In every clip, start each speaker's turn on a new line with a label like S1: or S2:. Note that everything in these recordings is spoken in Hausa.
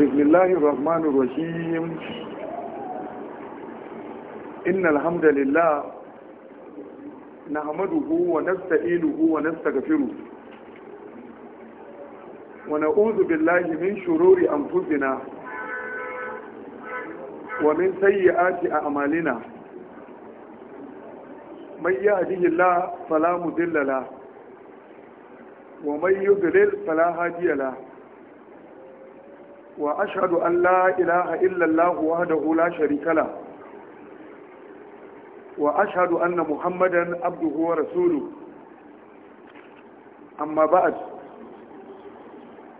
S1: بسم الله الرحمن الرحيم إن الحمد لله نحمده ونستئله ونستغفره ونعوذ بالله من شرور أنفسنا ومن سيئات أعمالنا من يهده الله فلا مذل له ومن يضلل فلا هادي له wa ashadu an la ilaha illallah wahdahu la sharika la wa ashadu anna muhammadan abduhu rasulu amma ba'd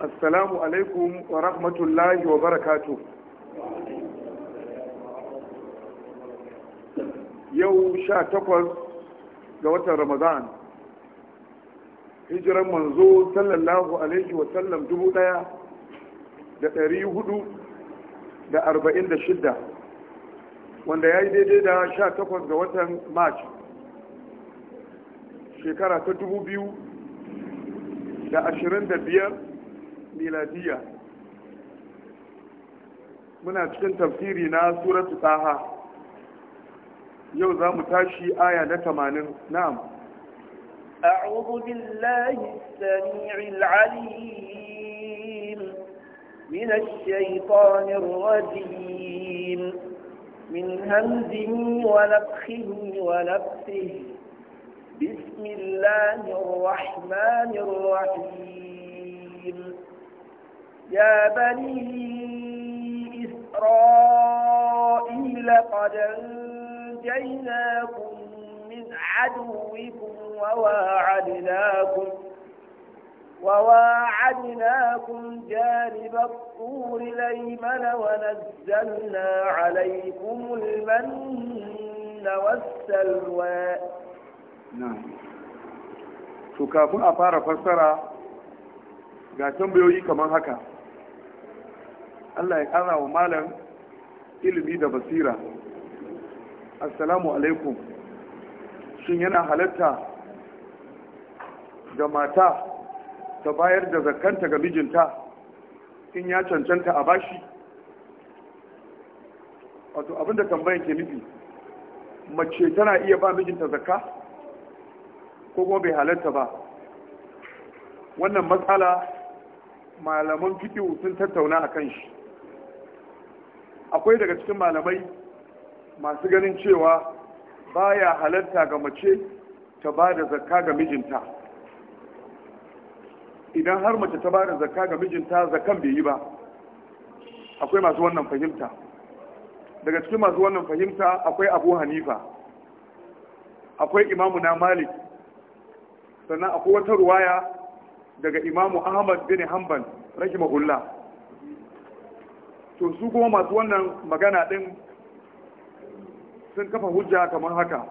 S1: assalamu alaikum wa rahmatullahi wa barakatuh yau 18 ga watan ramadan hijiran manzo sallallahu alaihi wa sallam dubu ɗaya. da ɗari hudu da arba'in da shidda wanda ya yi daidai da sha takwas ga watan march shekara ta dubu biyu da ashirin da biyar miladiya muna cikin tafsiri na suratu tsaha. yau za mu tashi aya na tamanin na'am
S2: أعوذ بالله السميع العليم من الشيطان الرجيم من همزه ونفخه ونفسه بسم الله الرحمن الرحيم يا بني إسرائيل قد أنجيناكم من عدوكم وواعدناكم وواعدناكم جانب الطور الأيمن ونزلنا عليكم المن والسلوى نعم
S1: to kafin a fara fassara ga tambayoyi kamar haka Allah ya ƙara wa malam ilimi da basira assalamu alaikum shin yana halatta ga mata ta bayar da zakanta ga mijinta in ya cancanta a bashi wato abinda tambayan ke nufi mace tana iya ba mijinta zakka ko kuma bai halarta ba wannan matsala malaman fiƙi sun tattauna a kan shi akwai daga cikin malamai masu ganin cewa baya halarta ga mace ta ba da zakka ga mijinta idan har mace ta ba da zakka ga mijinta zakkan bai yi ba akwai masu wannan fahimta daga cikin masu wannan fahimta akwai abu hanifa akwai imamu na malik sannan akwai wata ruwaya daga imamu ahmad bin hanbal mahulla to su kuma masu wannan magana din sun kafa hujja kamar haka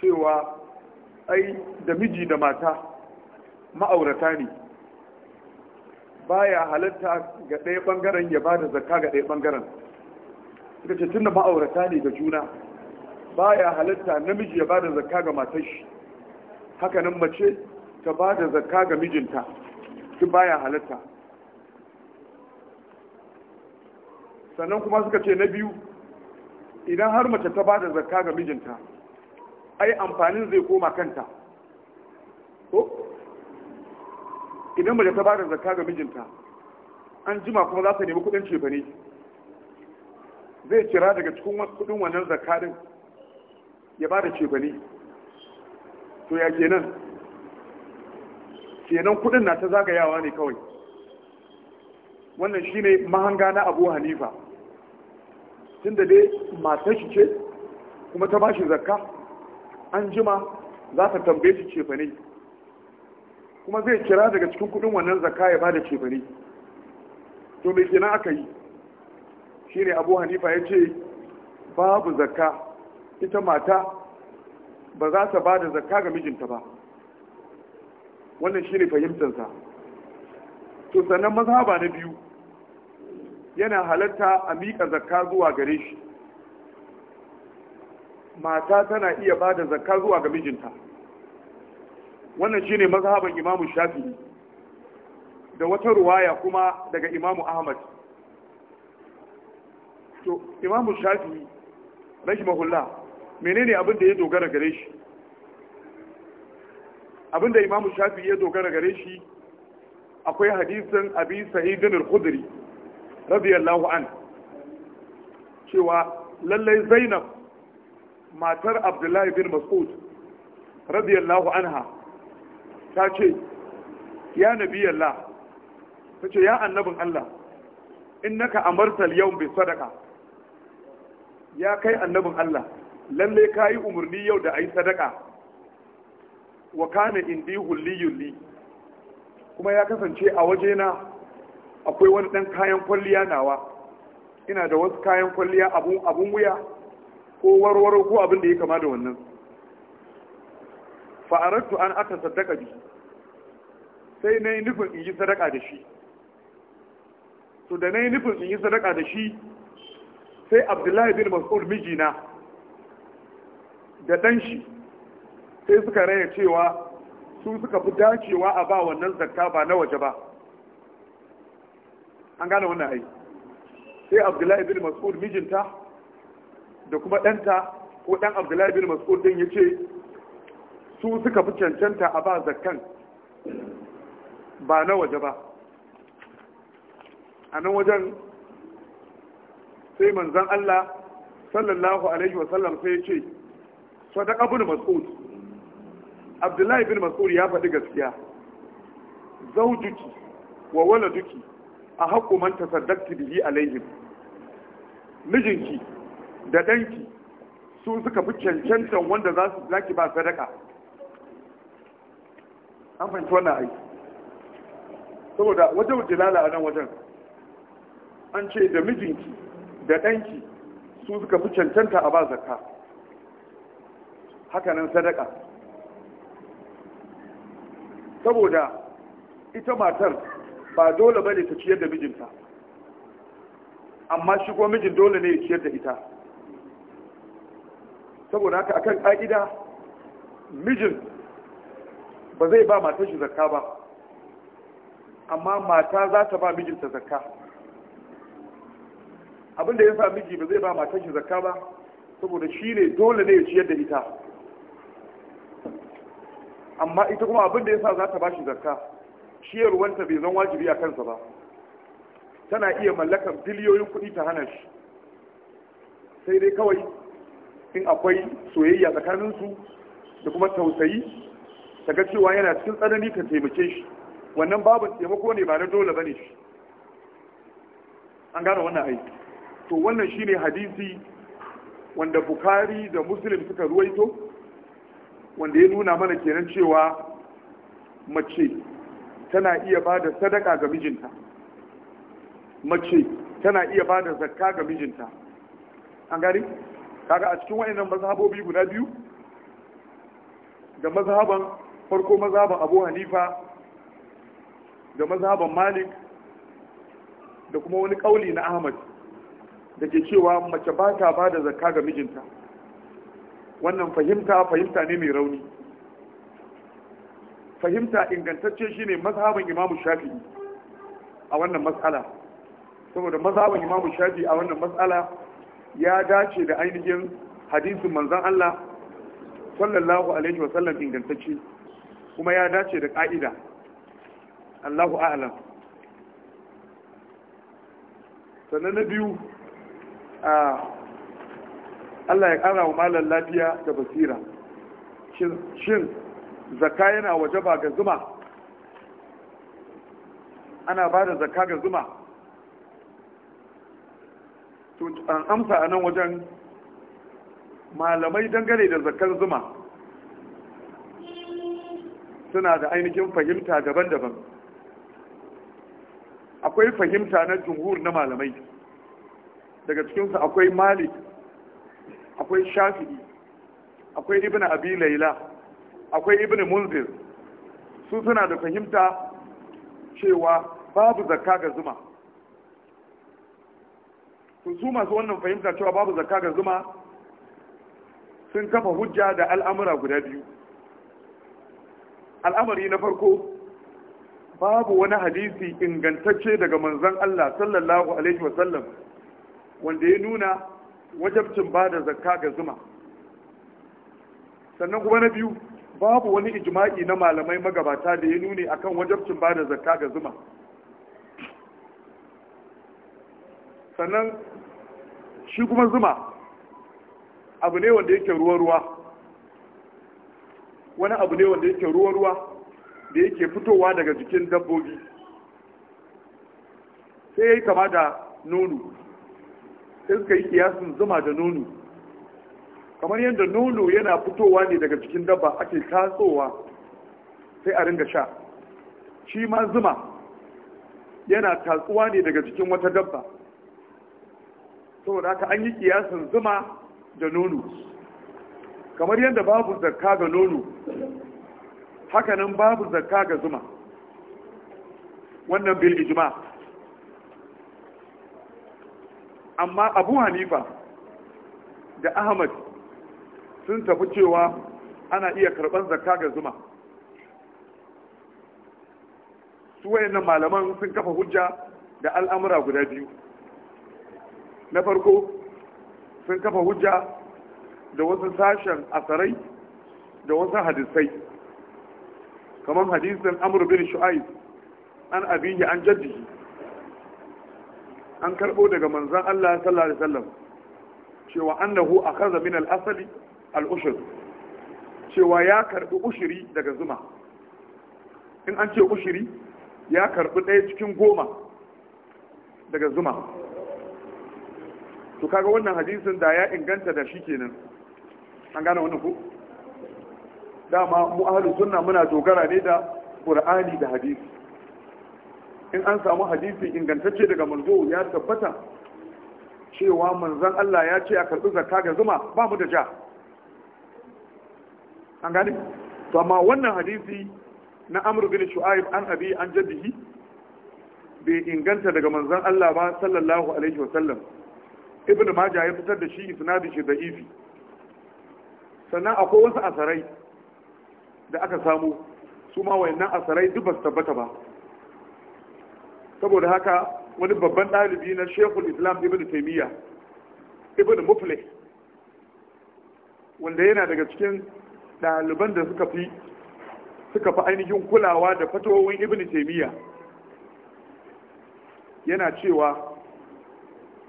S1: cewa ai da miji da mata ma'aurata ne ba ya halatta ga ɗaya ɓangaren ya ba da zarka ga ɗaya ɓangaren suka ce tun da ma'aurata ne ga juna Ba ya halatta namiji ya ba da zarka ga matar shi hakanan mace ta ba da zarka ga mijinta ba ya halatta sannan kuma suka ce na biyu idan har mace ta ba da zarka ga mijinta ai amfanin zai koma kanta idan mace ta bada zakka ga mijinta an jima kuma za ta nemi kudin cefane zai kira daga cikin kudin wannan zakka din ya bada cefane to ya kenan kenan kudin na ta zagayawa ne kawai wannan shine mahanga na Abu Hanifa tunda dai matar shi ce kuma ta bashi zakka an jima za ta tambaye shi cefane kuma zai kira daga cikin kudin wannan zakka ya bada cefane to me kenan aka yi shine abu hanifa ya ce babu zakka ita mata ba za ta bada zakka ga mijinta ba wannan shine fahimtansa to sannan mazhaba na biyu yana halatta a miƙa zakka zuwa gare shi mata tana iya bada zakka zuwa ga mijinta wannan shine mazhaban imamu shafi'i da wata ruwaya kuma daga imamu ahmad to imamu shafi'i mahulla menene abinda ya dogara gare shi Abinda imamu shafi'i ya dogara gare shi akwai hadisin abi sa'idin al-khudri radiyallahu an cewa lallai zainab matar abdullahi bin mas'ud radiyallahu anha ta ce ya nabi Allah ta ce ya annabin Allah innaka amartal yau bai sadaka ya kai annabin Allah lalle ka yi umarni yau da a yi sadaka wa kana indi hulli yulli kuma ya kasance a wajena akwai wani ɗan kayan kwalliya nawa ina da wasu kayan kwalliya abun wuya ko warwaro ko abin da ya kama da wannan fa aradtu an sadaka bi sai yi nufin in yi sadaka da shi to da yi nufin in yi sadaka da shi sai Abdullahi bin Mas'ud mijina da dan shi sai suka raya cewa su suka fi dacewa a ba wannan zakka ba na waje ba an gane wannan ai sai Abdullahi bin Mas'ud mijinta da kuma ɗanta ko ɗan Abdullahi bin Mas'ud din yace su suka fi cancanta a ba zakkan ba na waje ba a nan wajen sai manzan Allah sallallahu alaihi wasallam sai ce sadaka bin mas'ud abdullahi bin mas'ud ya faɗi gaskiya zaujuki wa waladuki a haƙo man bihi alaihim mijinki da ɗanki su suka fi cancantan wanda za su zaki ba sadaka an fahimci wannan aiki saboda wajen jilala a nan wajen an ce da mijinki da ɗanki su suka fi cancanta a ba zakka hakanan sadaka saboda ita matar ba dole bane ta ciyar da mijinta amma shi kuma mijin dole ne ya ciyar da ita saboda haka akan ƙa'ida mijin ba zai ba mata shi zakka ba amma mata za ta ba mijinta zakka abin da ya sa miji ba zai ba mata shi zakka ba saboda shi ne dole ne ya ciyar da ita amma ita kuma abin da ya sa za ta ba shi zakka ciyarwanta bai zan wajibi a kansa ba tana iya mallakar biliyoyin kuɗi ta hana shi sai dai kawai in akwai soyayya tsakaninsu da kuma tausayi kaga cewa yana cikin tsanani ka taimake shi wannan babu taimako ne ba na dole bane shi an gane wannan aiki to wannan shi ne hadisi wanda bukari da musulun suka ruwaito wanda ya nuna mana kenan cewa mace tana iya ba da sadaka ga mijinta mace tana iya ba da zakka ga mijinta an gari kaga a cikin wayannan mazhabobi guda biyu da mazhaban farko mazhaban abu hanifa da mazhaban malik da kuma wani kauli na ahmad da ke cewa mace ba ta ba da zakka ga mijinta wannan fahimta fahimta ne mai rauni fahimta ingantacce shine mazhaban imamu shafi'i a wannan matsala saboda mazhaban imamu shafi'i a wannan matsala ya dace da ainihin hadisin manzon Allah sallallahu alaihi wasallam ingantacce kuma ya dace da ƙa'ida Allahu a'lam sannan na biyu a Allah ya ƙara wa malar lafiya da basira shin zaka yana wajaba ga zuma ana ba da zaka ga zuma an amsa a nan wajen malamai dangane da zakar zuma suna da ainihin fahimta daban-daban akwai fahimta na jumhur na malamai daga cikinsu akwai malik akwai shafi'i akwai ibn abi laila akwai ibn munzir su suna da fahimta cewa babu zakka ga zuma su masu wannan fahimta cewa babu zakka ga zuma sun kafa hujja da al'amura guda biyu al'amari na farko babu wani hadisi ingantacce daga manzon Allah sallallahu alaihi wasallam wanda ya nuna wajabcin ba da zakka ga zuma sannan kuma na biyu babu wani ijma'i na malamai magabata da ya nuni akan wajabcin ba da zakka ga zuma sannan shi kuma zuma abu ne wanda yake ruwa-ruwa wani abu ne wanda yake ruwa-ruwa da yake fitowa daga jikin dabbobi sai ya yi kama da nono sai suka yi kiyasin zuma da nono kamar yadda nono yana fitowa ne daga jikin dabba ake tasowa sai a ringa sha shi ma zuma yana tatsuwa ne daga jikin wata dabba saboda haka an yi kiyasin zuma da nono kamar yadda babu zakka ga nono hakanan babu zakka ga zuma wannan bil ijma amma abu hanifa da ahmad sun tafi cewa ana iya karban zakka ga zuma su wayannan malaman sun kafa hujja da al'amura guda biyu na farko sun kafa hujja da wasu sashen asarai da wasu hadisai kamar hadisin amur bin shu'aib an abiyi an jaddihi an karbo daga manzan Allah sallallahu alaihi wasallam cewa annahu akhadha min al-asali al-ushr cewa ya karbi ushiri daga zuma in an ce ushiri ya karbi ɗaya cikin goma daga zuma to kaga wannan hadisin da ya inganta da shi kenan an gane wani ku dama mu ahlus sunna muna dogara ne da qur'ani da hadisi in an samu hadisi ingantacce daga manzo ya tabbata cewa manzon Allah ya ce a karbi zakka ga zuma ba mu da ja an gane to amma wannan hadisi na amr bin shu'aib an abi an jaddihi bai inganta daga manzon Allah ba sallallahu alaihi wasallam ibnu majah ya fitar da shi isnadin shi da'ifi sannan akwai wasu asarai da aka samu su ma wayannan asarai duk ba su tabbata ba saboda haka wani babban ɗalibi na shekul islam ibn taimiyya ibn mufle wanda yana daga cikin ɗaliban da suka fi suka fi ainihin kulawa da fatowar ibn taimiyya yana cewa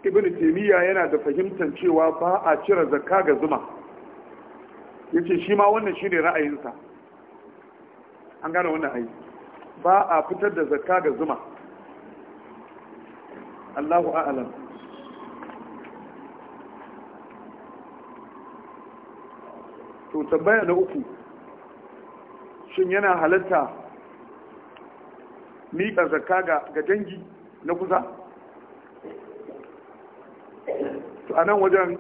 S1: ibn taimiyya yana da fahimtar cewa ba a cire zakka ga zuma ya ce shi ma wannan shi ne ra'ayinsa an gane wannan ayi ba a fitar da zakka ga zuma allahu a'alam to tambaya na uku shin yana halatta miƙa zakka ga dangi na kusa to a nan wajen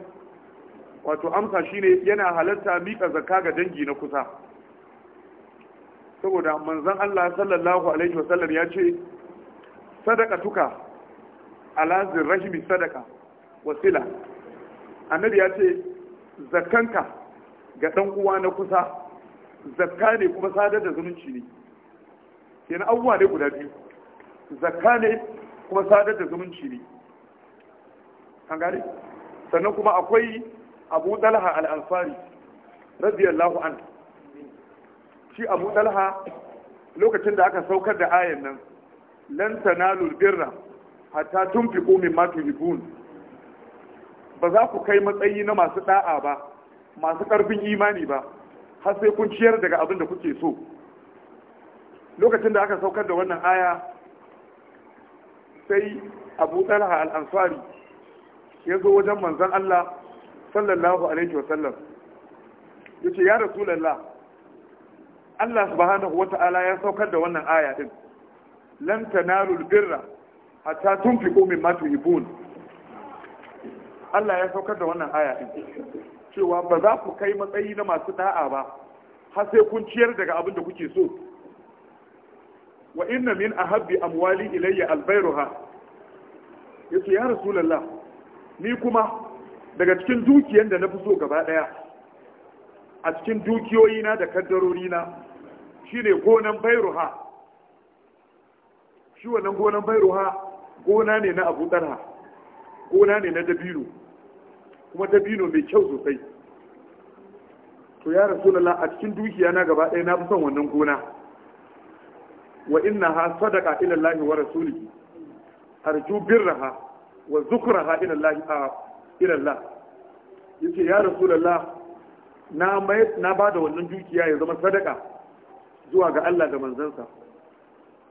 S1: wato amsa shine yana halatta mika zakka ga dangi na kusa saboda manzon Allah sallallahu alaihi wasallam ya ce sadaka tuka ala zirrahimi sadaka wasila annabi ya ce zakkanka ga dan uwa na kusa zakka ne kuma sadar da zumunci ne kenan abubuwa ne guda biyu zakka ne kuma sadar da zumunci ne kan gane sannan kuma akwai abu dalha al'amfari radiyallahu an shi abu dalha lokacin da aka saukar da ayan nan lan tanalul birra hatta tunfiqu mimma tuhibun ba za ku kai matsayi na masu da'a ba masu ƙarfin imani ba har sai kun ciyar daga abin da kuke so lokacin da aka saukar da wannan aya sai abu dalha al'ansari ya zo wajen Manzon Allah sallallahu alaihi wasallam ya ce ya rasulallah Allah subhanahu wa ta'ala ya saukar da wannan aya din lan tanalul birra hatta tunfiqu mimma tuhibun Allah ya saukar da wannan aya din cewa ba za ku kai matsayi na masu da'a ba har sai kun ciyar daga abin da kuke so wa inna min ahabbi amwali ilayya albayruha yace ya rasulullah ni kuma daga cikin dukiyan da na fi so gaba daya a cikin dukiyoyina da kaddarorina shine gonan bairuha shi wannan gonan bairuha gona ne na abu ɗarha gona ne na dabino kuma dabino mai kyau sosai to ya rasu rasulullah a cikin dukiya na gaba ɗaya na fi son wannan gona wa inna ha sadaka ila lahi wa rasulihi arju birraha wa zukraha ila a ilallah yace ya rasu na mai na bada wannan dukiya ya zama sadaka zuwa ga Allah da manzansa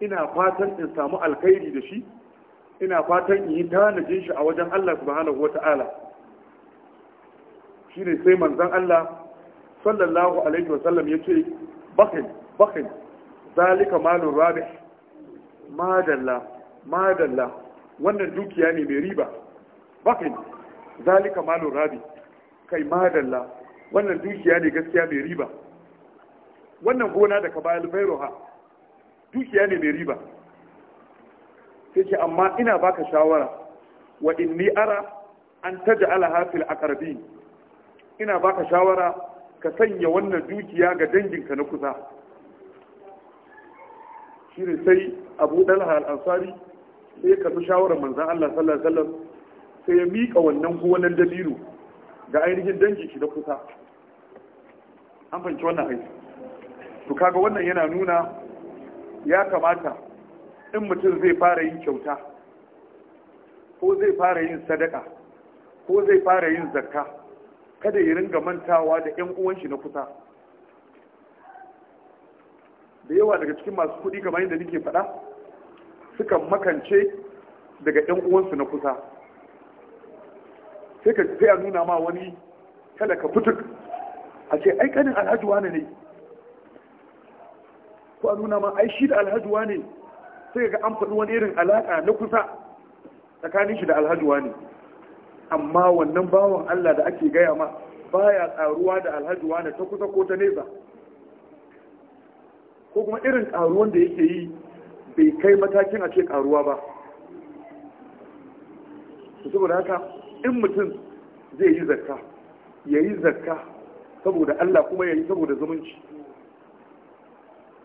S1: ina fatan in samu alkhairi da shi ina fatan in yi tanajin shi a wajen Allah subhanahu wata'ala ne sai manzon Allah sallallahu alaihi wasallam yace bakin bakin zalika malun rabih madalla madalla wannan dukiya ne mai riba bakin zalika malun rabi kai madalla wannan dukiya ne gaskiya mai riba wannan gona da ka bayar bairoha dukiya ne mai riba sai ce amma ina baka shawara wa inni ara an taja Alhafil fil aqrabin ina baka shawara ka sanya wannan dukiya ga danginka na kusa shine sai Abu Dalha al-Ansari sai ka bi shawarar manzan Allah sallallahu alaihi wasallam sai ya miƙa wannan gonan dabino ga ainihin dangin shi da kusa an fahimci wannan aiki to kaga wannan yana nuna ya kamata in mutum zai fara yin kyauta ko zai fara yin sadaka ko zai fara yin zakka kada ya ringa mantawa da 'yan uwan na kusa da yawa daga cikin masu kuɗi kamar yadda nake faɗa sukan makance daga 'yan uwansu na kusa sai ka sai a nuna ma wani ka fituk a ce aikanin alhajuwa alhaji ne ko a nuna ma ai shi da alhaji wane sai ga an faɗi wani irin alaƙa na kusa tsakanin shi da alhaji ne? amma wannan bawan Allah da ake gaya ma ba ya tsaruwa da alhaji wane ta kusa ko ta nesa ko kuma irin ƙaruwan da yake yi bai kai matakin a ce ƙaruwa ba saboda haka in mutum zai yi zakka ya yi zakka saboda Allah kuma ya yi saboda zumunci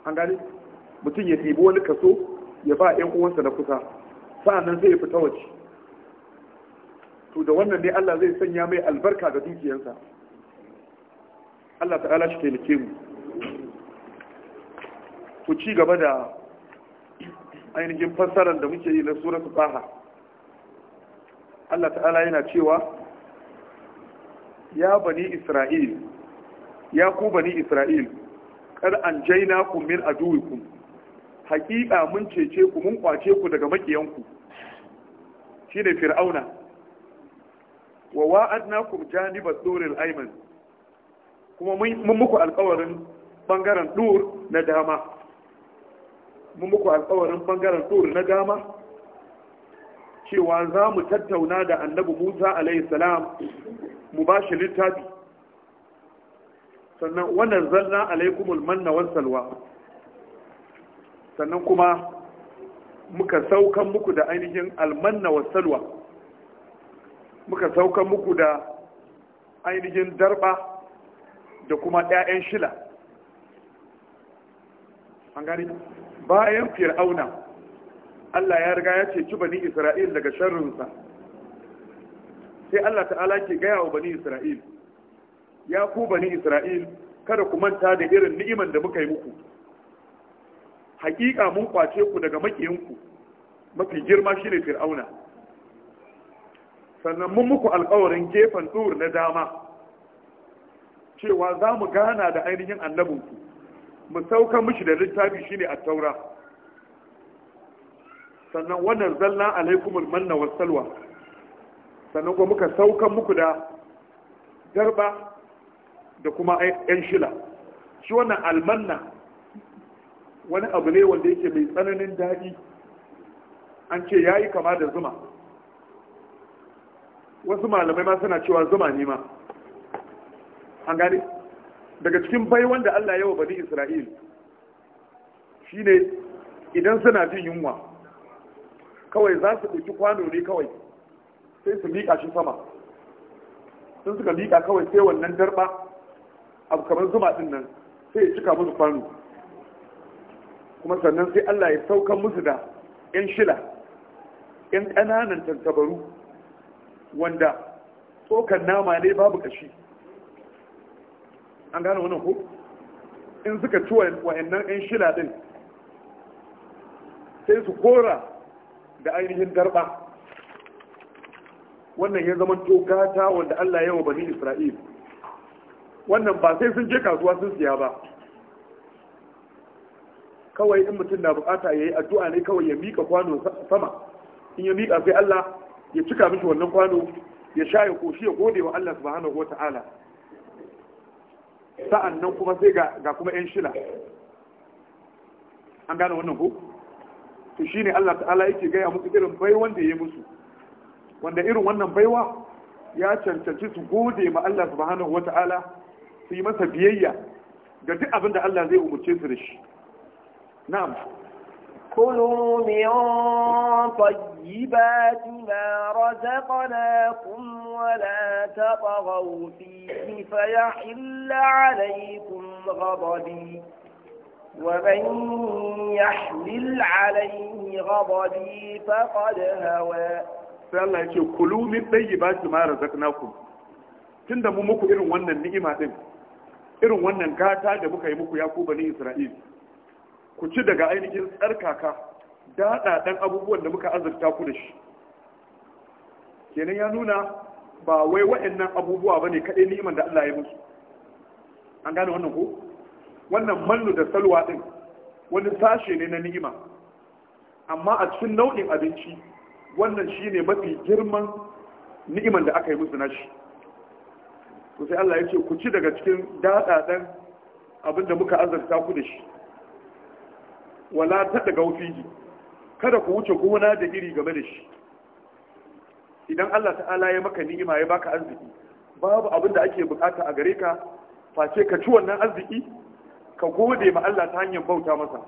S1: an gani mutum ya tebi wani kaso ya ba 'yan uwansa na kusa sa'annan zai fita waje to da wannan ne Allah zai sanya mai albarka ga dukiyarsa Allah ta'ala shi taimake mu ku ci gaba da ainihin fassarar da muke yi na suratul faha Allah ta'ala yana cewa ya bani Isra'il ya ku bani Isra'il kar an jaina ku min aduwikum hakika mun cece ku mun kwace ku daga makiyanku ne fir'auna wa wa'adnakum ba tsorin aiman kuma mun muku alƙawarin bangaren dur na dama mun muku alƙawarin bangaren dur na dama cewa za mu tattauna da annabi musa alaihissalam mu ba shi littafi sannan wannan zanna alaikumul manna wan salwa sannan kuma muka saukan muku da ainihin almanna wa salwa muka saukan muku da ainihin darba da kuma 'ya'yan shila an gani bayan fir'auna Allah ya riga ya ki bani Isra'il daga sharrinsa sai Allah ta'ala ke gaya wa bani Isra'il ya ku bani Isra'il kada ku manta da irin ni'iman da muka yi muku hakika mun kwace ku daga makiyinku mafi girma shine fir'auna sannan mun muku alkawarin gefen tsur na dama cewa za mu gana da ainihin annabinku mu sauka mishi da littafi shine a taura sannan wannan zalla alaikumul manna was salwa sannan kuma muka saukan muku da garba da kuma yan shila shi wannan almanna wani abu ne wanda yake mai tsananin daɗi an ce ya yi kama da zuma wasu malamai ma suna cewa zuma ne ma an gane daga cikin bai wanda allah yawa bani isra'il shine idan suna jin yunwa kawai za su ɗauki kwano ne kawai sai su miƙa shi sama sun suka miƙa kawai sai wannan darɓa. abu kamar zuma ɗin nan sai ya cika musu kwano kuma sannan sai Allah ya saukan musu da 'yan shila 'yan ƙananan tantabaru wanda tsokan nama ne babu ƙashi an gane wannan ko in suka ci wa'annan 'yan shila ɗin sai su kora da ainihin Garba. wannan ya zama tokata wanda Allah ya yi wa bani Isra'il wannan ba sai sun je kasuwa sun siya ba kawai in mutum na bukata ya yi addu'a ne kawai ya mika kwano sama in ya mika sai Allah ya cika mishi wannan kwano ya sha ya koshi ya gode wa Allah subhanahu wata'ala nan kuma sai ga kuma yan shila an gane wannan ko to shine Allah ta'ala yake gaya musu irin baiwan da ya musu wanda irin wannan baiwa ya cancanci su gode ma Allah subhanahu Ta'ala su yi masa biyayya ga duk abin da Allah zai umurce su da shi na'am
S2: كلوا من طيبات ما رزقناكم ولا تطغوا فيه فيحل عليكم غضبي ومن يحمل عليه غضبي فقد هوى
S1: sai Allah ya ce kulu min ba su ma tun tunda mu muku irin wannan ni'ima din irin wannan gata da muka yi muku ya ku bani Isra'il ku ci daga ainihin tsarkaka dada ɗan abubuwan da muka azurta ku da shi kenan ya nuna ba wai nan abubuwa ne kaɗai ni'iman da Allah ya musu an gane wannan ko wannan mallu da salwa din wani sashe ne na ni'ima amma a cikin nau'in abinci wannan shine mafi girman ni'iman da aka yi musu nashi to sai Allah ya ce ku ci daga cikin dadadan abin da muka azarta ku da shi wala ta daga wufiji kada ku wuce gona da iri game da shi idan Allah ta'ala ya maka ni'ima ya baka arziki babu abin da ake bukata a gare ka face ka ci wannan arziki ka gode ma Allah ta hanyar bauta masa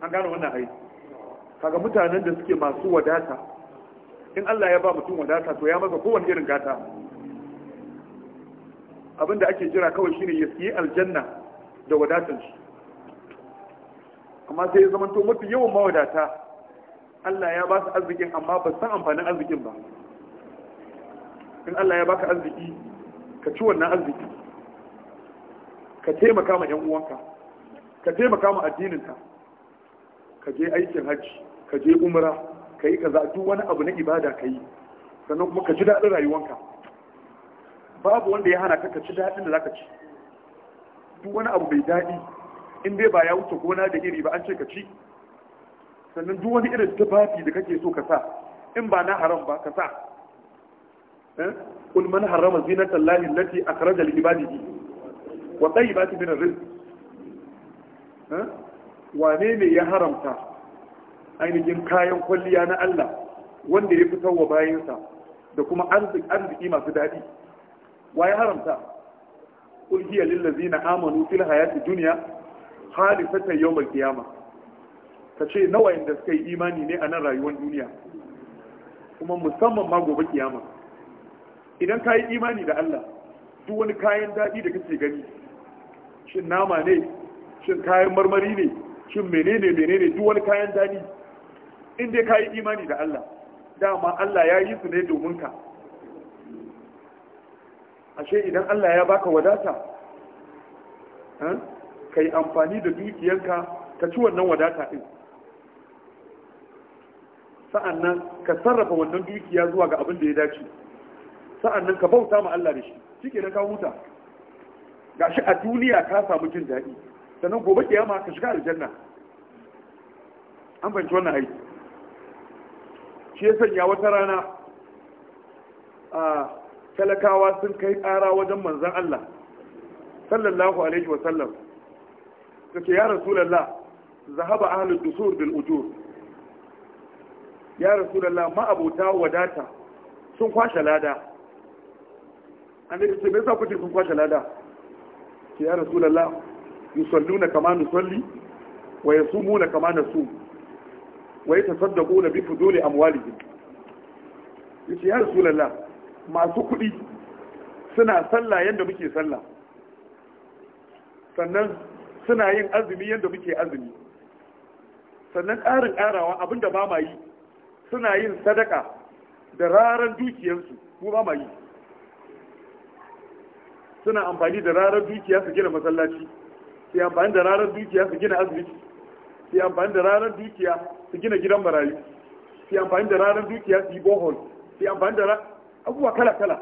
S1: an gano wannan ai kaga mutanen da suke masu wadata in Allah ya ba mutum wadata to ya masa kowane irin gata abinda ake jira kawai shine ya siye aljanna da wadatar shi amma sai ya zama to mutum yawan mawadata Allah ya ba su arzikin amma ba san amfanin arzikin ba in Allah ya baka arziki ka ci wannan arziki ka taimaka ma 'yan uwanka ka taimaka ma addininka ka je aikin hajji ka je umra ka yi kaza duk wani abu na ibada ka yi sannan kuma ka ji daɗin rayuwanka babu wanda ya hana ka ka ci daɗin da za ka ci duk wani abu mai daɗi in dai ba ya wuce gona da iri ba an ce ka ci sannan duk wani irin tufafi da kake so ka sa in ba na haram ba ka sa kul eh? man harrama zinata a allati akhraja ibadihi wa tayyibati min rizq wane ne ya haramta ainihin kayan kwalliya na Allah wanda ya fitar wa bayansa da kuma arziki masu daɗi wa ya haramta kul hiya lil ladzina amanu fil hayati dunya khalifatan yawm al qiyamah kace nawa inda suka yi imani ne a nan rayuwar duniya kuma musamman ma gobe kiyama idan ka yi imani da Allah duk wani kayan daɗi da kake gani shin nama ne shin kayan marmari ne shin menene menene duk wani kayan dadi in dai kayi imani da Allah dama Allah ya yi su ne domin ka ashe idan Allah ya baka wadata eh, ka yi amfani da dukiyanka ka ci wannan wadata din sa'annan ka sarrafa wannan dukiya zuwa ga abin da ya dace sa'annan ka bauta ma Allah da shi shike ka huta gashi a duniya ka samu jin daɗi sannan gobe kiyama ka shiga aljanna an fahimci wannan aiki shi ya sanya wata rana a talakawa sun kai ƙara wajen manzan Allah sallallahu alaihi wa sallam ta ce ya rasulallah zahaba ahlul dusur bil ujur ya rasulallah ma abota wadata sun kwashe lada an da ce me yasa kuke sun kwashe lada ce ya rasulallah yusalluna kama nusalli wa yasumuna kama nasum wa yatasaddaquna bi fuduli amwalihim yace ya rasulallah masu kuɗi suna sallah yadda muke sallah sannan suna yin azumi yadda muke azumi sannan ƙarin ƙarawa abinda ba ma yi suna yin sadaka da raran dukiyarsu ko ba ma yi suna amfani da rarar dukiya su gina masallaci su amfani da rarar dukiya su gina asibiti su amfani da rarar dukiya su gina gidan marayu su amfani da rarar dukiya su yi bohol su amfani da abubuwa kala-kala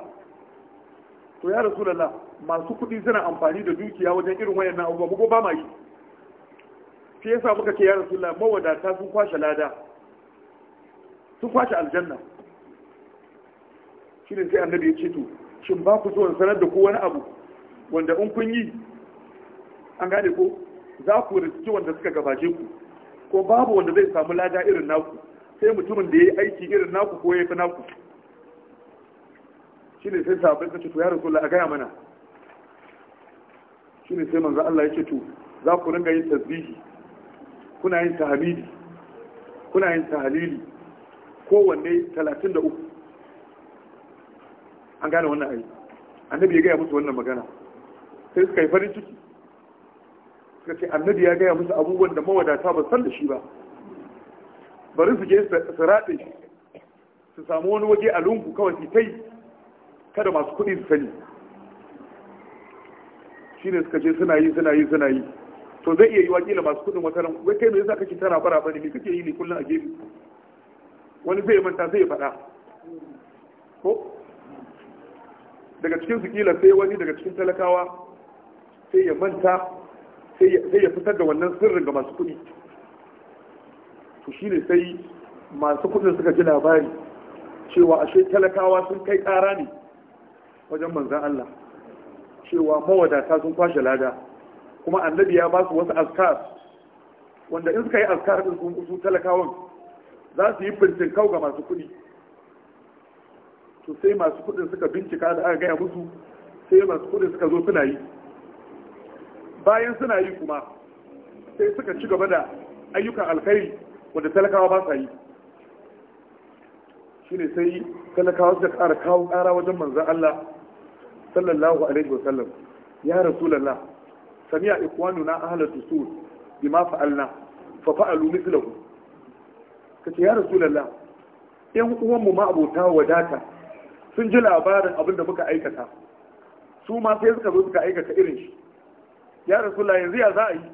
S1: to ya rasu masu kuɗi suna amfani da dukiya wajen irin wayannan abubuwa bugo ba ma yi shi yasa muka ce ya rasu lalla mawadata sun kwashe lada sun kwashe aljanna shi ne sai annabi ya ce to shin ba ku so in sanar da ku wani abu wanda in kun yi an gane ko za ku rikici wanda suka gabace ku ko babu wanda zai samu lada irin naku sai mutumin da ya yi aiki irin naku ko ya fi naku shi ne sai sabbin ka ce to ya rasu a gaya mana shi ne sai manzo Allah ya ce to za ku ringa yin tasbihi kuna yin tahmidi kuna yin tahlili kowanne 33 an gane wannan ayi annabi ya gaya musu wannan magana sai suka yi farin ciki suka ce annabi ya gaya musu abubuwan da mawadata ba san da shi ba bari su je su raɗe shi su samu wani waje a lungu kawai su kai kada masu kuɗi su sani shi ne suka ce suna yi suna yi suna yi to zai iya yi da masu kuɗin wata ran wai kai me yasa kake tara bara bane me kake yi ne kullum a gefe wani zai manta zai faɗa ko daga cikin su kila sai wani daga cikin talakawa sai ya manta sai ya fitar da wannan sirrin ga masu kuɗi to shine sai masu kuɗin suka ji labari cewa ashe talakawa sun kai ƙara ne wajen manzan Allah cewa mawadata sun kwashe lada kuma annabi ya basu su wasu askar wanda in suka yi askar din sun talakawan za su yi bincin kau ga masu kuɗi to sai masu kudin suka bincika da aka gaya musu sai masu kudin suka zo suna yi bayan suna yi kuma sai suka ci gaba da ayyukan alkhairi wanda talakawa ba sa yi ne sai talakawa suka ƙara kawo ƙara wajen manzan Allah sallallahu alaihi wasallam ya rasulullah sami'a ikwanuna ahlat bi bima fa'alna fa fa'alu mithlahu kace ya rasulullah yan uwan mu ma abota wadata sun ji labarin abin da muka aikata su ma sai suka zo suka aikata irin shi ya la yanzu ya za a yi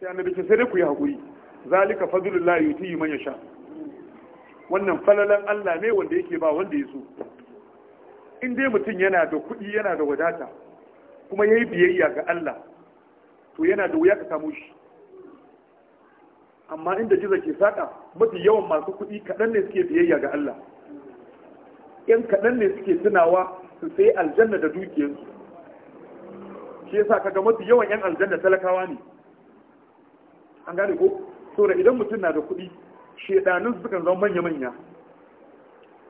S1: sai annabi ce sai dai ku yi hakuri zalika fadlullahi yutihi man yasha wannan falalan Allah ne wanda yake ba wanda ya so in dai mutum yana da kuɗi yana da wadata kuma yayi biyayya ga Allah to yana da wuya ka samu shi amma inda jiza ke saka mafi yawan masu kuɗi kaɗan ne suke biyayya ga Allah yan kaɗan ne suke tunawa su sai aljanna da dukiyarsu shi yasa ga mafi yawan yan aljanna talakawa ne an gane ko saboda idan mutum na da kuɗi shedanin su sukan zama manya-manya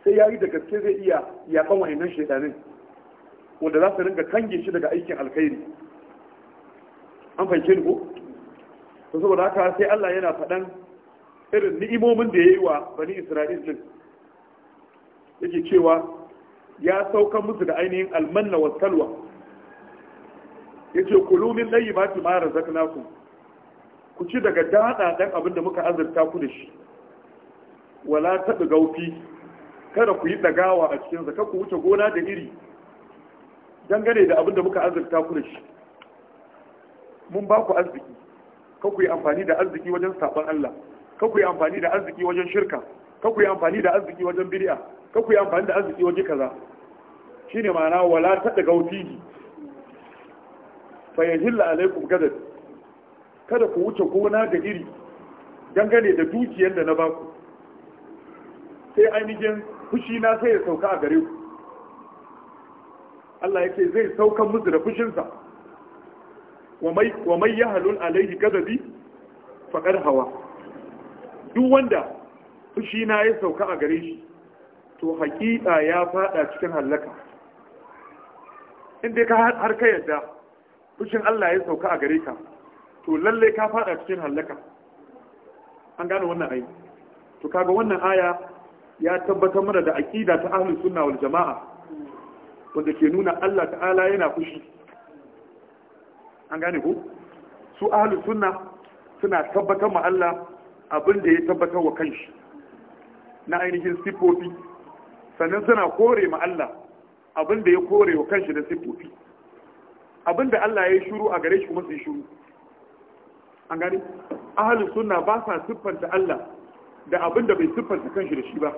S1: sai ya yi da gaske zai iya yakan wa'annan shedanin wanda za su ringa kange shi daga aikin alkhairi an fahimce ni ko saboda haka sai Allah yana faɗan irin ni'imomin da ya yi wa bani Isra'il din yake cewa ya sauka musu da ainihin almanna wa salwa yace kulu min tayyibati ma razaqnakum ku ci daga dada dan abin da muka azurta ku da shi wala taɓa gaufi kada ku yi ɗagawa a cikinsa zaka ku wuce gona da iri dangane da abin da muka azurta ku da shi mun ba ku arziki ka ku yi amfani da arziki wajen sabon Allah ka ku yi amfani da arziki wajen shirka ka ku yi amfani da arziki wajen bid'a ka ku yi amfani da arziki waje kaza ne ma'ana wala ta daga wufihi fa hila alaikum gadad kada ku wuce gona da iri dangane da dukiyar da na baku sai ainihin fushi na sai ya sauka a gare ku Allah yake zai sauka musu da fushinsa wa mai ya halun alaihi gazabi faƙar hawa duk wanda fushi na ya sauka a gare shi to hakika ya fada cikin hallaka inda ka har ka yadda fushin Allah ya sauka a gare ka to lalle ka fada cikin hallaka an gane wannan ayi to kaga wannan aya ya tabbatar mana da aqida ta ahlus sunna wal jamaa wanda ke nuna Allah ta'ala yana fushi an gane ko su ahlus sunna suna tabbatar ma Allah abin da ya tabbatar wa kanshi na ainihin sifofi sannan suna kore ma Allah abin da ya kore wa kanshi da siffofi abin da Allah ya yi shuru a gare shi kuma su yi shuru an gani ahalin sunna ba sa siffanta Allah da abin da bai siffanta kanshi da shi ba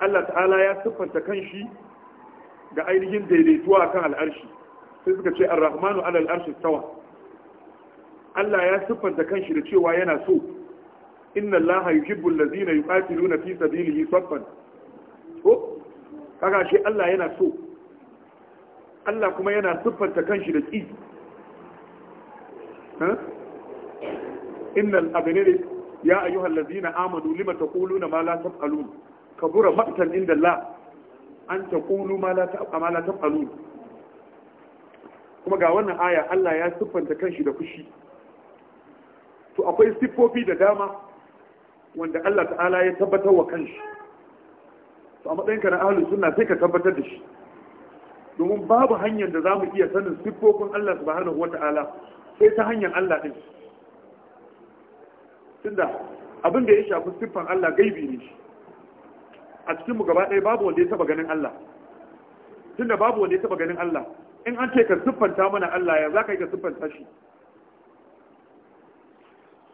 S1: Allah ta'ala ya siffanta kanshi da ainihin daidaituwa kan al'arshi sai suka ce ar-rahmanu ala tawa Allah ya siffanta kanshi da cewa yana so inna allaha yuhibbu allazina yuqatiluna fi sabilihi saffan ko kaga shi Allah yana so Allah kuma yana siffanta kanshi da ƙi innal abinir ya ayyuhal ladina amanu lima taquluna ma la taf'alun kabura maqtan inda Allah an taqulu ma la ta'ama ma la taf'alun kuma ga wannan aya Allah ya siffanta kanshi da fushi to akwai siffofi da dama wanda Allah ta'ala ya tabbatar wa kanshi to a matsayinka na ahlus sunna sai ka tabbatar da shi domin babu hanyar da zamu iya sanin siffofin Allah subhanahu ta'ala sai ta hanyar Allah din tunda abin da ya shafi siffan Allah gaibi ne shi a cikinmu gaba ɗaya babu wanda ya taba ganin Allah tunda babu wanda ya taba ganin Allah in an ce ka siffanta mana Allah ya za ka yi ka siffanta shi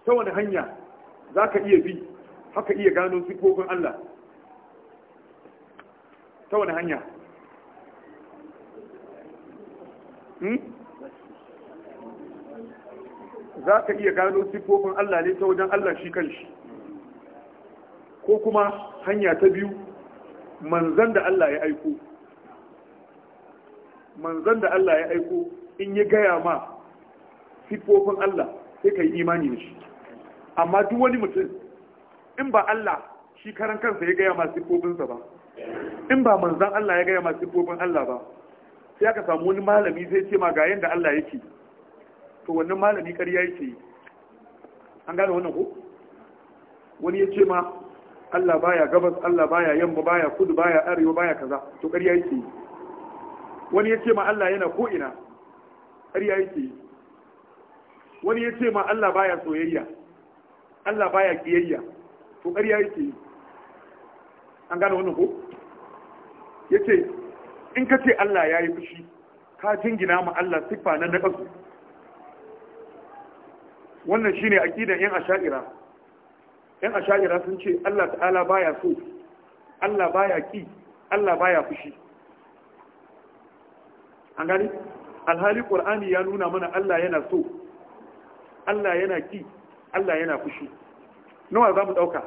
S1: ta wani hanya za ka iya bi haka iya gano sifofin Allah ta wani hanya hmm? za ka iya gano sifofin Allah ne ta wajen Allah shi kan shi ko kuma hanya ta biyu manzan da Allah ya aiko manzan da Allah ya aiko in yi gaya ma sifofin Allah sai ka yi imani da shi amma duk wani mutum in ba Allah shi karan kansa ya gaya masu sifofinsa ba in ba manzan Allah ya gaya masu sifofin Allah ba sai aka samu wani malami zai ce ma ga yadda Allah yake to wannan malami ƙarya yake yi an gane wannan ko wani ya ce ma Allah baya gabas Allah baya yamma baya kudu baya arewa baya kaza to ƙarya yake yi wani ya ce ma Allah yana ko ina ƙarya yake yi wani ya ce ma Allah baya soyayya Allah baya kiyayya ko ƙarya yake yi an gane wannan ko ya ce in ka ce Allah ya yi fushi ka jingina ma Allah siffa na naƙasu wannan shine aqidan yan asha'ira yan asha'ira sun ce Allah ta'ala baya so Allah baya ki Allah baya fushi an gani alhali qur'ani ya nuna mana Allah yana so Allah yana ki Allah yana fushi nawa za mu ɗauka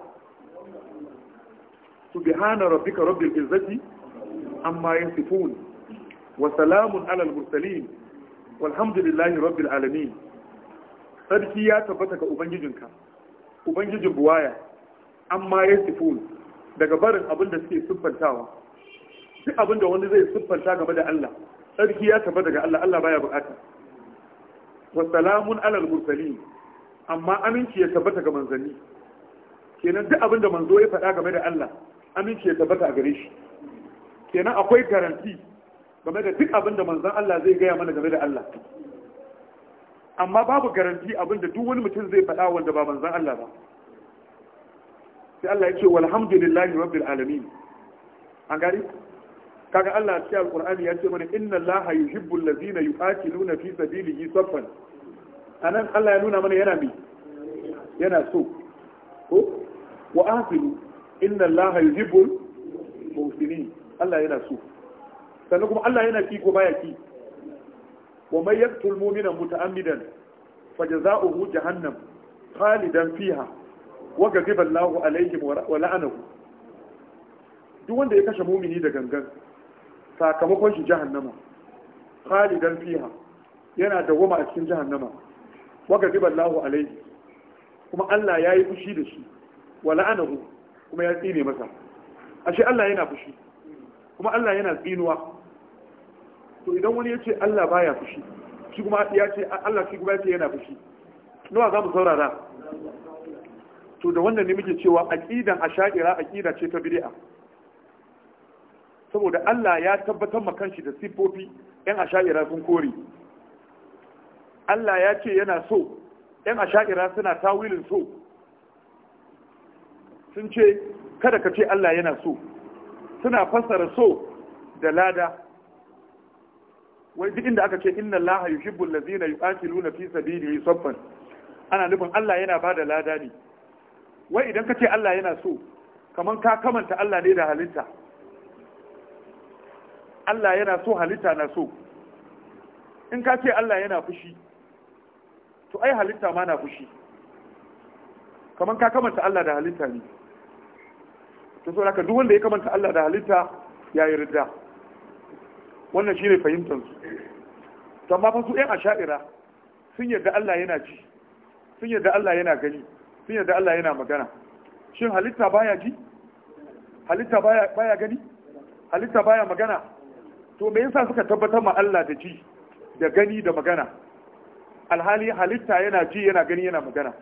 S1: subhana rabbika rabbil izzati amma yasifun wa salamun alal mursalin walhamdulillahi rabbil alami sarki ya tabbata ga ubangijinka ubangijin buwaya amma yasifun daga barin abin da suke siffantawa duk abin da wani zai siffanta game da Allah sarki ya tabbata ga Allah Allah baya bukata wa salamun alal mursalin amma aminci ya tabbata ga manzanni kenan duk abin da manzo ya faɗa game da Allah aminci ya tabbata a gare shi kenan akwai garanti game da duk abin da manzon Allah zai gaya mana game da Allah amma babu garanti abin da duk wani mutum zai faɗa wanda ba manzon Allah ba sai Allah ya ce walhamdulillahi rabbil alamin an gari kaga Allah cikin alqur'ani ya ce mana inna allaha yuhibbul ladina yuqatiluna fi sabilihi saffan anan Allah ya nuna mana yana bi yana so ko wa Asiru, inna allaha yuhibbul muhsinin Allah yana so sannan kuma Allah yana ki ko baya ki wa may yaqtul mu'mina muta'ammidan fajaza'uhu jahannam khalidan fiha wa ghadiba Allahu alayhi wa la'anahu duk wanda ya kashe mumini da gangan sakamakon shi jahannama khalidan fiha yana dawwama a cikin jahannama wa ghadiba Allahu alayhi kuma Allah ya yi fushi da shi wa la'anahu kuma ya tsine masa ashe Allah yana fushi kuma Allah yana tsinuwa to idan wani ya ce Allah baya fushi shi kuma ya ce Allah shi kuma ya ce yana fushi nawa za mu saurara to da wannan ne muke cewa aqidan asha'ira aqida ce ta bid'a saboda Allah ya tabbatar ma kanshi da siffofi yan asha'ira sun kore Allah ya ce yana so yan asha'ira suna tawilin so sun ce kada ka ce Allah yana so suna fassara so da lada wai duk inda aka ce inna Allah yuhibbul ladina yuqatiluna fi sabilihi saffan ana nufin Allah yana bada lada ne wai idan ka ce Allah yana so kaman ka kamanta Allah ne da halitta Allah yana so halitta na so in ka ce Allah yana fushi to ai halitta ma na fushi kamar ka kamanta Allah da halitta ne to so haka duk wanda ya kamanta Allah da halitta ya yi ridda wannan shine fahimtar su to amma fa su ɗan asha'ira sun yarda Allah yana ji sun yarda Allah yana gani sun yarda Allah yana magana shin halitta baya ji halitta baya baya gani halitta baya magana to me yasa suka tabbatar ma Allah da ji da gani da magana alhali halitta yana ji yana gani yana magana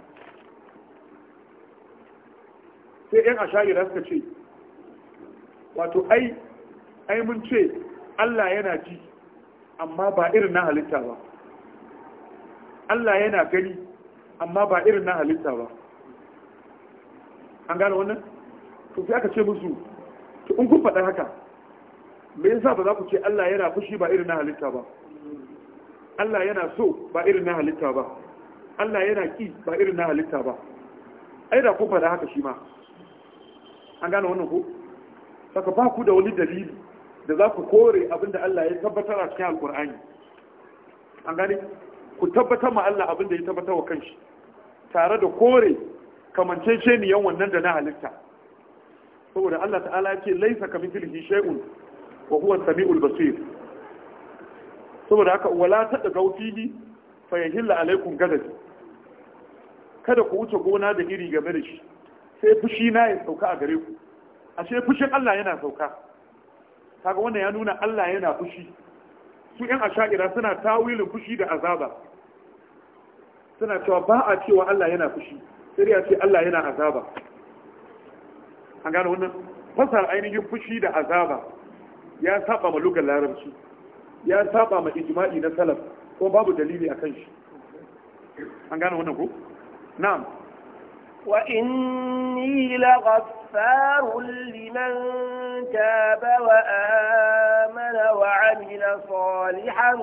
S1: sai yan asha'ira suka ce wato ai ai mun ce Allah yana ji amma ba irin na halitta ba Allah yana gani amma ba irin na halitta ba an gane wannan to sai aka ce musu to in kun faɗa haka me yasa ba za ku ce Allah yana fushi ba irin na halitta ba Allah yana so ba irin na halitta ba Allah yana ki ba irin na halitta ba ai da ku faɗa haka shi ma an gane wannan ku saka ba ku da wani dalili da za ku kore abinda Allah ya tabbatar a cikin alkur'ani an gane ku tabbatar ma Allah abinda ya tabbatar wa kanshi tare da kore kamanceceniyan wannan da na halitta saboda Allah ta'ala ya ce laisa kamithlihi shay'un wa huwa samiul basir saboda haka wala ta daga bi fa yahilla alaikum gadabi kada ku wuce gona da iri game da shi sai fushi na ya sauka a gare ku ashe fushin Allah yana sauka kaga wannan ya nuna Allah yana fushi su yan asha'ira suna tawilin fushi da azaba suna cewa ba a cewa Allah yana fushi sai ya ce Allah yana azaba an gano wannan fasar ainihin fushi da azaba ya saba ma lugan larabci ya saba ma ijma'i na salaf ko babu dalili akan shi an gane wannan ku? na'am
S2: wa inni laghaffarun liman taba wa amana wa amila salihan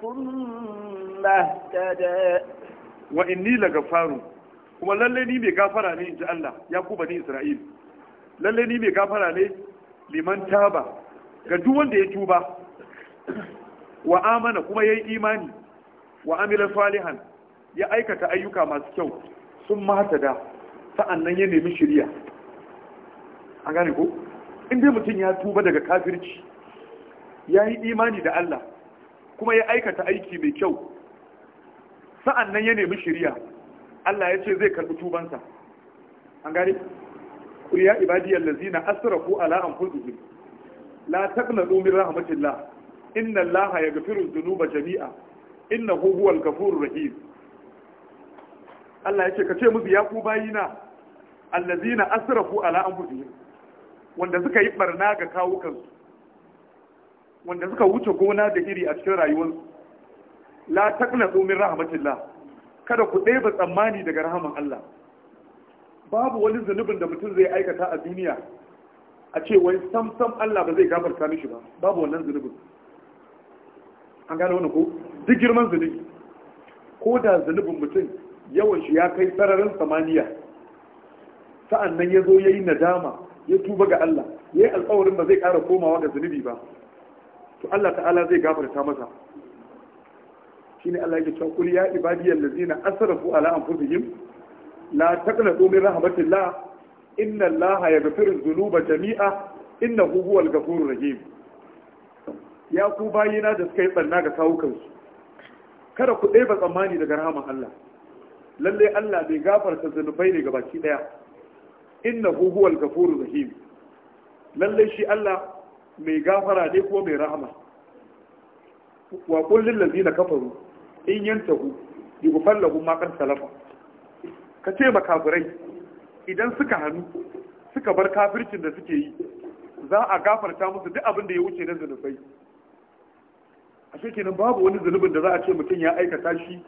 S2: thumma ihtada
S1: wa inni laghaffarun kuma lalle ni mai gafara ne inji Allah ya ku bani Isra'il lalle ni mai gafara ne liman taba ga duk wanda ya tuba wa amana kuma yayi imani wa amila salihan ya aikata ayyuka masu kyau sun mahatada sa'annan ya nemi shiriya an gane ko in dai mutum ya tuba daga kafirci ya yi imani da Allah kuma ya aikata aiki mai kyau sa'annan ya nemi shiriya Allah ya ce zai karbi tubansa an gane ku ya ibadiyal lazina asrafu ala anfusihim la domin min rahmatillah inna ya yaghfiru zunuba jami'a inna huwal ghafurur rahim Allah yake ka ce musu ya ku bayina allazina asrafu ala anfusihim wanda suka yi barna ga kawukan. wanda suka wuce gona da iri a cikin rayuwarsu la taqnatu min rahmatillah kada ku ɗeba tsammani daga rahaman Allah babu wani zunubin da mutum zai aikata a duniya a ce wai sam sam Allah ba zai gafarta mishi ba babu wannan zunubin an gano wani ko duk girman zunubi ko da zunubin mutum yawan shi ya kai sararin samaniya sa'an nan ya zo ya yi nadama ya tuba ga Allah ya yi alkawarin ba zai ƙara komawa ga zunubi ba to Allah ta'ala zai gafarta masa ne Allah ya cewa kul ya ibadiyal ladzina asrafu ala anfusihim la taqnatu min rahmatillah inna Allah yaghfiru zunuba jami'a inna huwal ghafurur rahim ya ku bayina da suka yi barna ga kawukansu kada ku ɗaya ba tsammani daga rahama Allah lallai Allah bai gafarta zunubai ne gabaki ɗaya inna huwal gafuru rahim lallai shi Allah mai gafara ne ko mai rahama wa kullin ladina kafaru in yantahu yughfar lahum ma qad salafa ka ce makafirai idan suka hannu suka bar kafircin da suke yi za a gafarta musu duk abin da ya wuce na zunubai ashe kenan babu wani zunubin da za a ce mutum ya aikata shi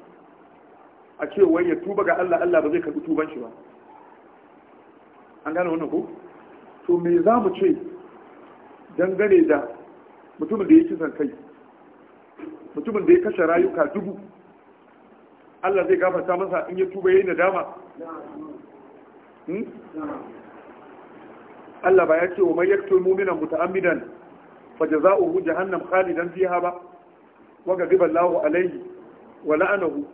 S1: a ce wai ya tuba ga Allah Allah ba zai karbi tuban shi ba an gane wannan ko to me za mu ce dangane da mutumin da ya kisan kai mutumin da ya kashe rayuka dubu Allah zai gafarta masa in ya tuba yayin nadama hmm? Allah ba ya ce wa mai yaktul mu'mina muta'ammidan fa jaza'uhu jahannam khalidan fiha ba wa الله عليه alaihi wa la'anahu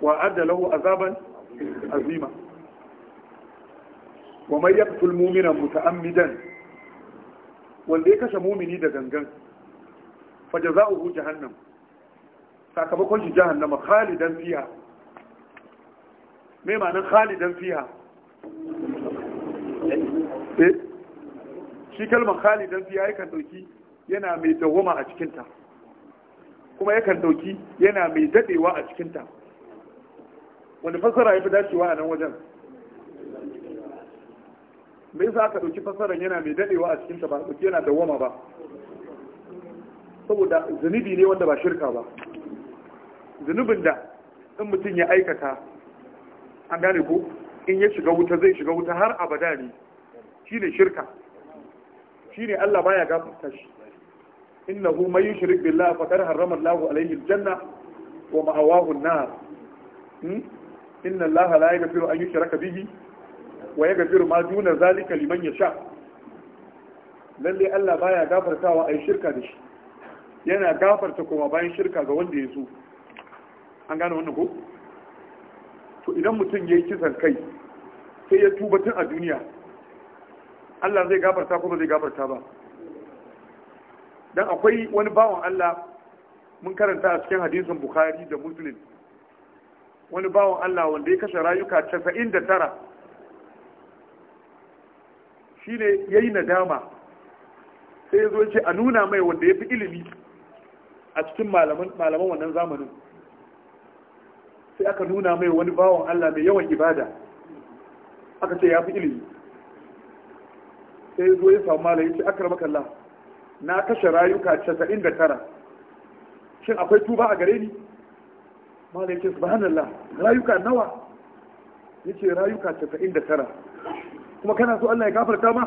S1: wa adda azaban azima wa wanda ya kashe mumini da gangan fa jazaohu jahannam sakamakon shi jahannama khalidan fiya. me ma'anar khalidan fiya? eh shi kalmar khalidan ya yakan dauki yana mai dawoma a cikinta kuma yakan dauki yana mai dadewa a cikinta wani fassara ya fi dacewa a nan wajen me yasa aka dauki fassaran yana mai dadewa a cikinta ba dauki yana dawoma ba saboda zunubi ne wanda ba shirka ba zunubin da in mutum ya aikata an gane ko in ya shiga wuta zai shiga wuta har abada ne shine shirka Shi ne Allah baya gafarta shi إنه may يشرك بالله فقد حرم الله عليه الجنة janna wa إن الله لا يغفر أن يشرك به an ما دون ذلك لمن ma lalle Allah baya gafartawa ai shirka da shi yana gafarta kuma bayan shirka ga wanda ya zo. an gane wannan ko to idan mutum ya yi kisan kai sai ya tuba tun a duniya Allah zai gafarta kuma zai gafarta ba dan akwai wani bawan Allah mun karanta a cikin hadisin Bukhari da Muslim wani bawan Allah wanda ya kashe rayuka 99 shine yayi nadama sai ya zo ce a nuna mai wanda ya fi ilimi a cikin malaman wannan zamanin sai aka nuna mai wani bawan Allah mai yawan ibada aka ce ya fi ilimi sai ya zo ya samu malayi ce akar makalla na kashe rayuka 99 shin akwai tuba a gare ni malai ce subhanallah rayuka nawa ce rayuka 99 kuma kana so Allah ya gafarta ma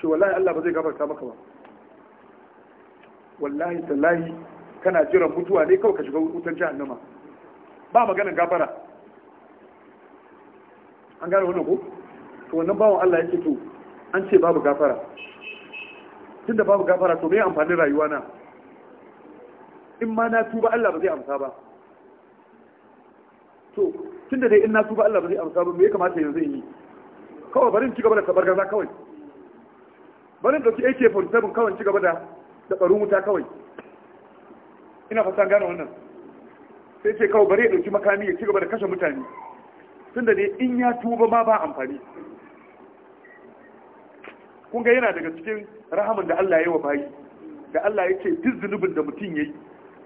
S1: shi wallahi Allah ba zai gafarta maka ba wallahi tallahi kana jiran mutuwa ne kawai ka shiga wutan jahannama ba maganin gafara an gane wannan ko to wannan bawon Allah yake to an ce babu gafara tun da babu gafara to mai amfanin rayuwa na in ma na tuba Allah ba zai amsa ba to tun da dai in na tuba Allah ba zai amsa ba me ya kamata yanzu in yi kawai barin ci gaba da tabar gaza kawai barin ɗauki AK47 kawai ci gaba da da wuta kawai ina fata gane wannan sai ce kawai bari ya ɗauki makami ya ci gaba da kashe mutane tun da dai in ya tuba ma ba amfani kun ga yana daga cikin rahaman da Allah ya yi wa bayi da Allah ya ce duk zunubin da mutum ya yi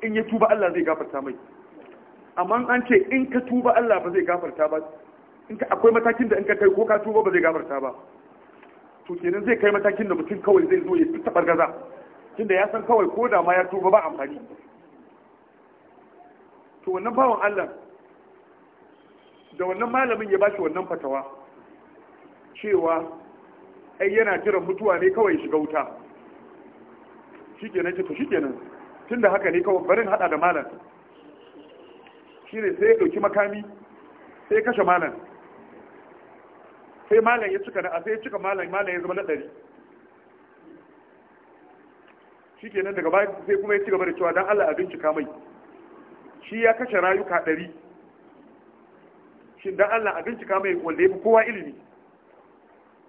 S1: in ya tuba Allah zai gafarta mai amma an ce in ka tuba Allah ba zai gafarta ba in ka akwai matakin da in ka kai ko ka tuba ba zai gafarta ba to kenan zai kai matakin da mutum kawai zai zo ya fita bargaza gaza tunda ya san kawai ko da ma ya tuba ba amfani to wannan bawan Allah da wannan malamin ya bashi wannan fatawa cewa ai yana jiran mutuwa ne kawai shiga wuta shikenan ce to shikenan da haka ne kawai barin hada da malam shine sai ya dauki makami sai ya kashe malam sai malam ya cika na sai ya cika malam malam ya zama na ɗari shikenan daga baya sai kuma ya ci gaba da cewa dan Allah a bincika mai shi ya kashe rayuka ɗari shin dan Allah a bincika mai wanda ya fi kowa ilimi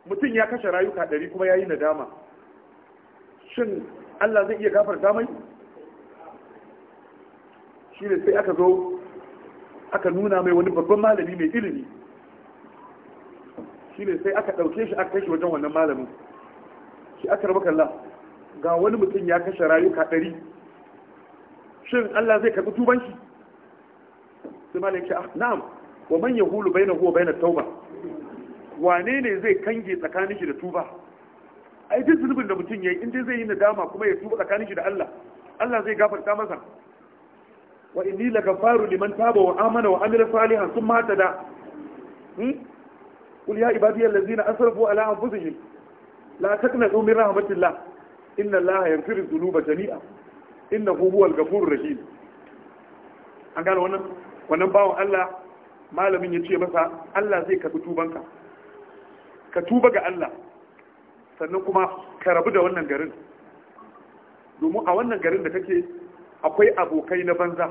S1: mutum ya kashe rayuka ɗari kuma ya yi nadama shin Allah zai iya gafarta mai shi ne sai aka zo aka nuna mai wani babban malami mai ilimi shi ne sai aka ɗauke shi aka kashe wajen wannan malamin shi aka rabu kalla ga wani mutum ya kashe rayuka ɗari shin Allah zai karɓi tubanci sai malamci ya ah, na'am wa man yahulu huwa bai na tauba wane ne zai kange tsakanin shi da tuba ai duk zunubin da mutum yayi in dai zai yi nadama kuma ya tuba tsakanin shi da Allah Allah zai gafarta masa wa inni lagafaru liman taba wa amana wa amila salihan sun mata da قل يا عبادي الذين اسرفوا على انفسهم لا تقنطوا من رحمه الله ان الله يغفر الذنوب جميعا انه هو الغفور an gane wannan wannan bawon Allah malamin ya ce masa Allah zai karbi tubanka ka tuba ga Allah sannan kuma ka rabu da wannan garin domin a wannan garin da kake akwai abokai na banza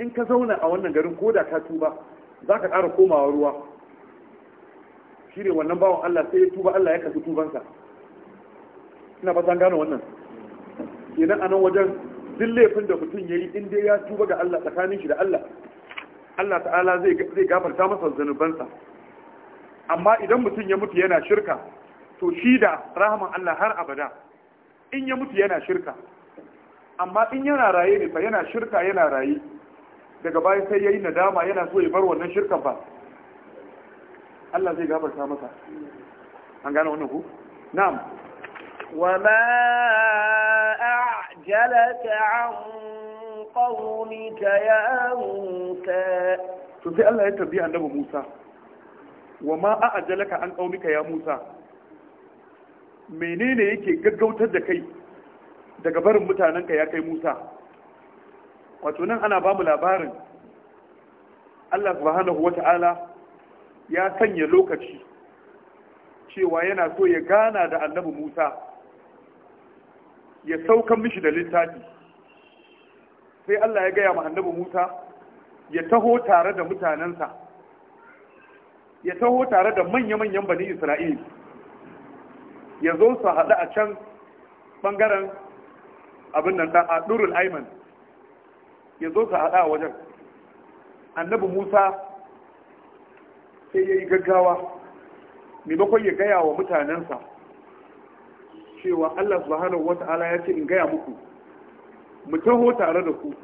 S1: in ka zauna a wannan garin ko da ka tuba za ka ƙara komawa ruwa shi ne wannan bawan Allah sai ya tuba Allah ya kasu tubansa ina ba san gano wannan kenan a nan wajen duk laifin da mutum ya yi in dai ya tuba ga Allah tsakanin shi da Allah Allah ta'ala zai gafarta masa zanubansa amma idan mutum ya mutu yana shirka to shi da rahaman Allah har abada in ya mutu yana shirka amma in yana raye ne fa yana shirka yana raye daga baya sai yayi nadama yana so ya bar wannan shirkan ba Allah zai gafarta masa an gane wannan ku na'am
S2: wa ma a'jalaka an qawmika ya Musa
S1: to sai Allah ya tabbi annabi Musa wa ma a ajalaka an qaumika ya Musa menene yake gaggautar da kai daga barin mutanenka ya kai Musa wato nan ana ba mu labarin Allah subhanahu wata'ala ya sanya lokaci cewa yana so ya gana da annabi Musa ya saukan mishi da littafi sai Allah ya gaya ma annabi Musa ya taho tare da mutanensa ya taho tare da manya-manyan bani isra'il ya zo su haɗu a can ɓangaren abin nan a ɗurul aiman ya zo su haɗu a wajen annabi musa sai ya yi gaggawa maimakon ya gaya wa mutanensa cewa allah subhanahu wata'ala ya ce in gaya muku mu taho tare da ku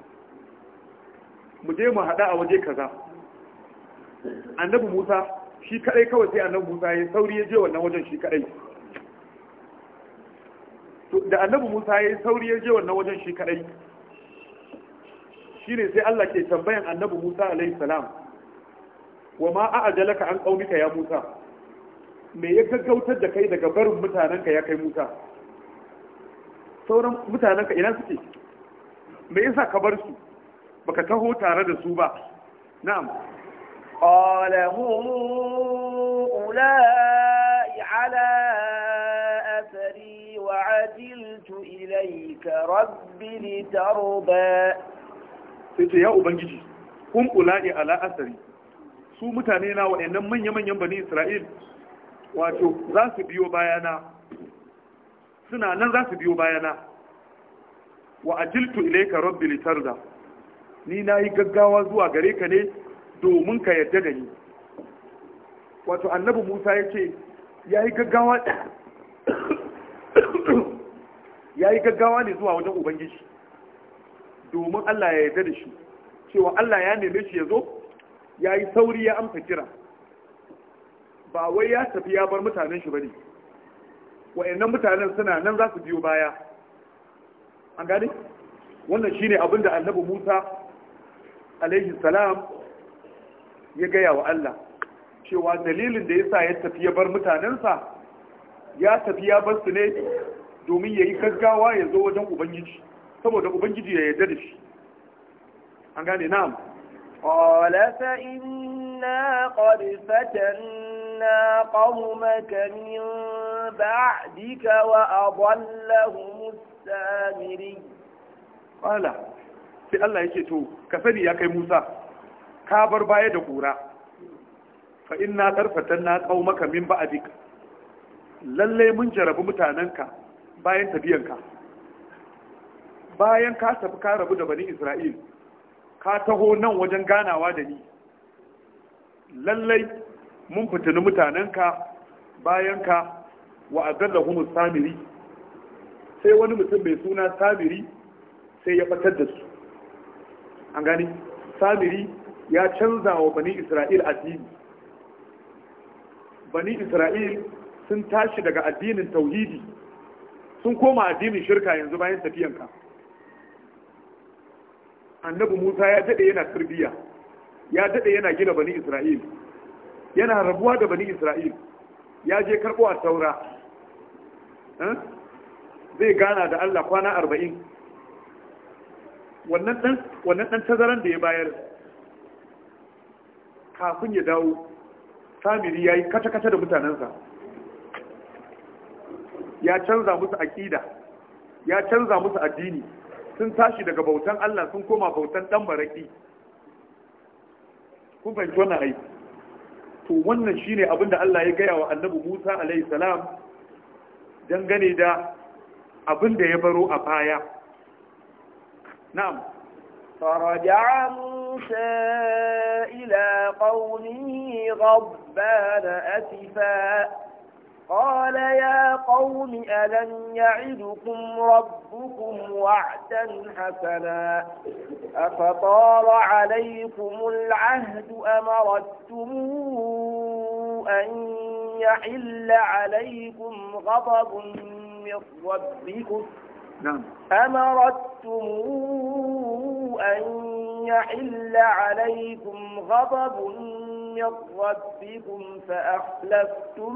S1: mu je mu haɗu a waje kaza annabi musa shi kadai kawai sai annabi Musa ya sauri ya je wannan wajen shi kadai to da annabi Musa ya sauri ya je wannan wajen shi kadai shine sai Allah ke tambayan annabi Musa alaihi salam wa ma a'ajalaka an qaumika ya Musa me ya gaggautar da kai daga barin mutanenka ya kai Musa sauran mutanenka ina suke me yasa ka bar su baka taho tare da su ba
S2: na'am قال هم أولئك على أثري وعجلت إليك رب لترضى
S1: سيدي يا ubangiji. هم أولئك على أثري su mutane na waɗannan manya-manyan bane Isra'il wato za su biyo bayana suna nan za su biyo bayana wa ajiltu ilayka rabbi litarda ni nayi gaggawa zuwa gare ka ne domin ka yarda da ni wato annabi musa ya ce ya yi gaggawa ne zuwa wajen ubangiji domin allah ya yarda da shi cewa allah ya neme shi ya zo ya yi sauri ya amsa kira ba wai ya tafi ya bar mutanen shi ba ne wa'annan mutanen suna nan za su biyo baya an gane wannan shine abin da annabi musa alaihi salam ya gaya wa Allah cewa dalilin da yasa ya tafi ya bar mutanensa ya tafi ya bar su ne domin ya yi gaggawa ya zo wajen ubangiji saboda ubangiji ya yarda da shi an gane na'am
S2: qala fa inna qad fatanna qawmaka min ba'dika wa adallahum samiri
S1: qala sai Allah yake to ka sani ya kai Musa ka bar baya da kura fa inna tarfatan na maka min ba'dik lalle mun jarabi mutanenka bayan tabiyanka bayan ka tafi ka rabu da bani Isra'il ka taho nan wajen ganawa da ni lallai mun fitini mutanenka bayanka wa azallahumus samiri sai wani mutum mai suna samiri sai ya batar da su an gani samiri ya canza wa bani isra'il addini bani isra'il sun tashi daga addinin tauhidi sun koma addinin shirka yanzu bayan tafiyanka annabi musa ya daɗe yana tarbiyya ya daɗe yana gina bani isra'il yana rabuwa da bani isra'il ya je karɓo a taura zai gana da allah kwana arba'in wannan ɗan tazaran da ya bayar kafin ya dawo samiri ya yi kata-kata da mutanensa ya canza musu aƙida ya canza musu addini sun tashi daga bautan Allah sun koma bautan ɗan baraki kun fahimci wannan aiki to wannan shine abin da Allah ya gaya wa annabi Musa alaihi salam dangane da abin da ya baro a baya
S2: na'am موسى إلى قومه غضبان أسفا قال يا قوم ألم يعدكم ربكم وعدا حسنا أفطال عليكم العهد أمرتم أن يحل عليكم غضب من ربكم نعم. أمرتم أن يحل عليكم غضب من ربكم فأخلفتم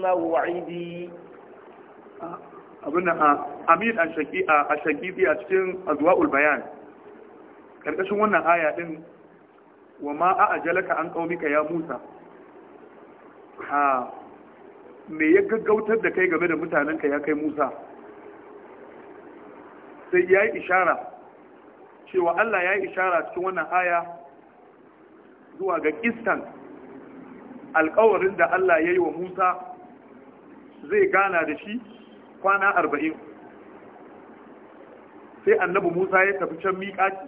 S2: موعدي
S1: abin amir a shakifi a cikin Azwa'ul, bayan ƙarƙashin wannan aya ɗin wa ma a jalaka an ƙaunika ya musa ha me ya gaggautar da kai game da mutanenka ya kai musa sai ya yi ishara cewa Allah ya yi ishara cikin wannan aya zuwa ga kistan alkawarin da Allah ya yi wa Musa zai gana da shi kwana arba'in sai annabi Musa ya tafi can miƙaci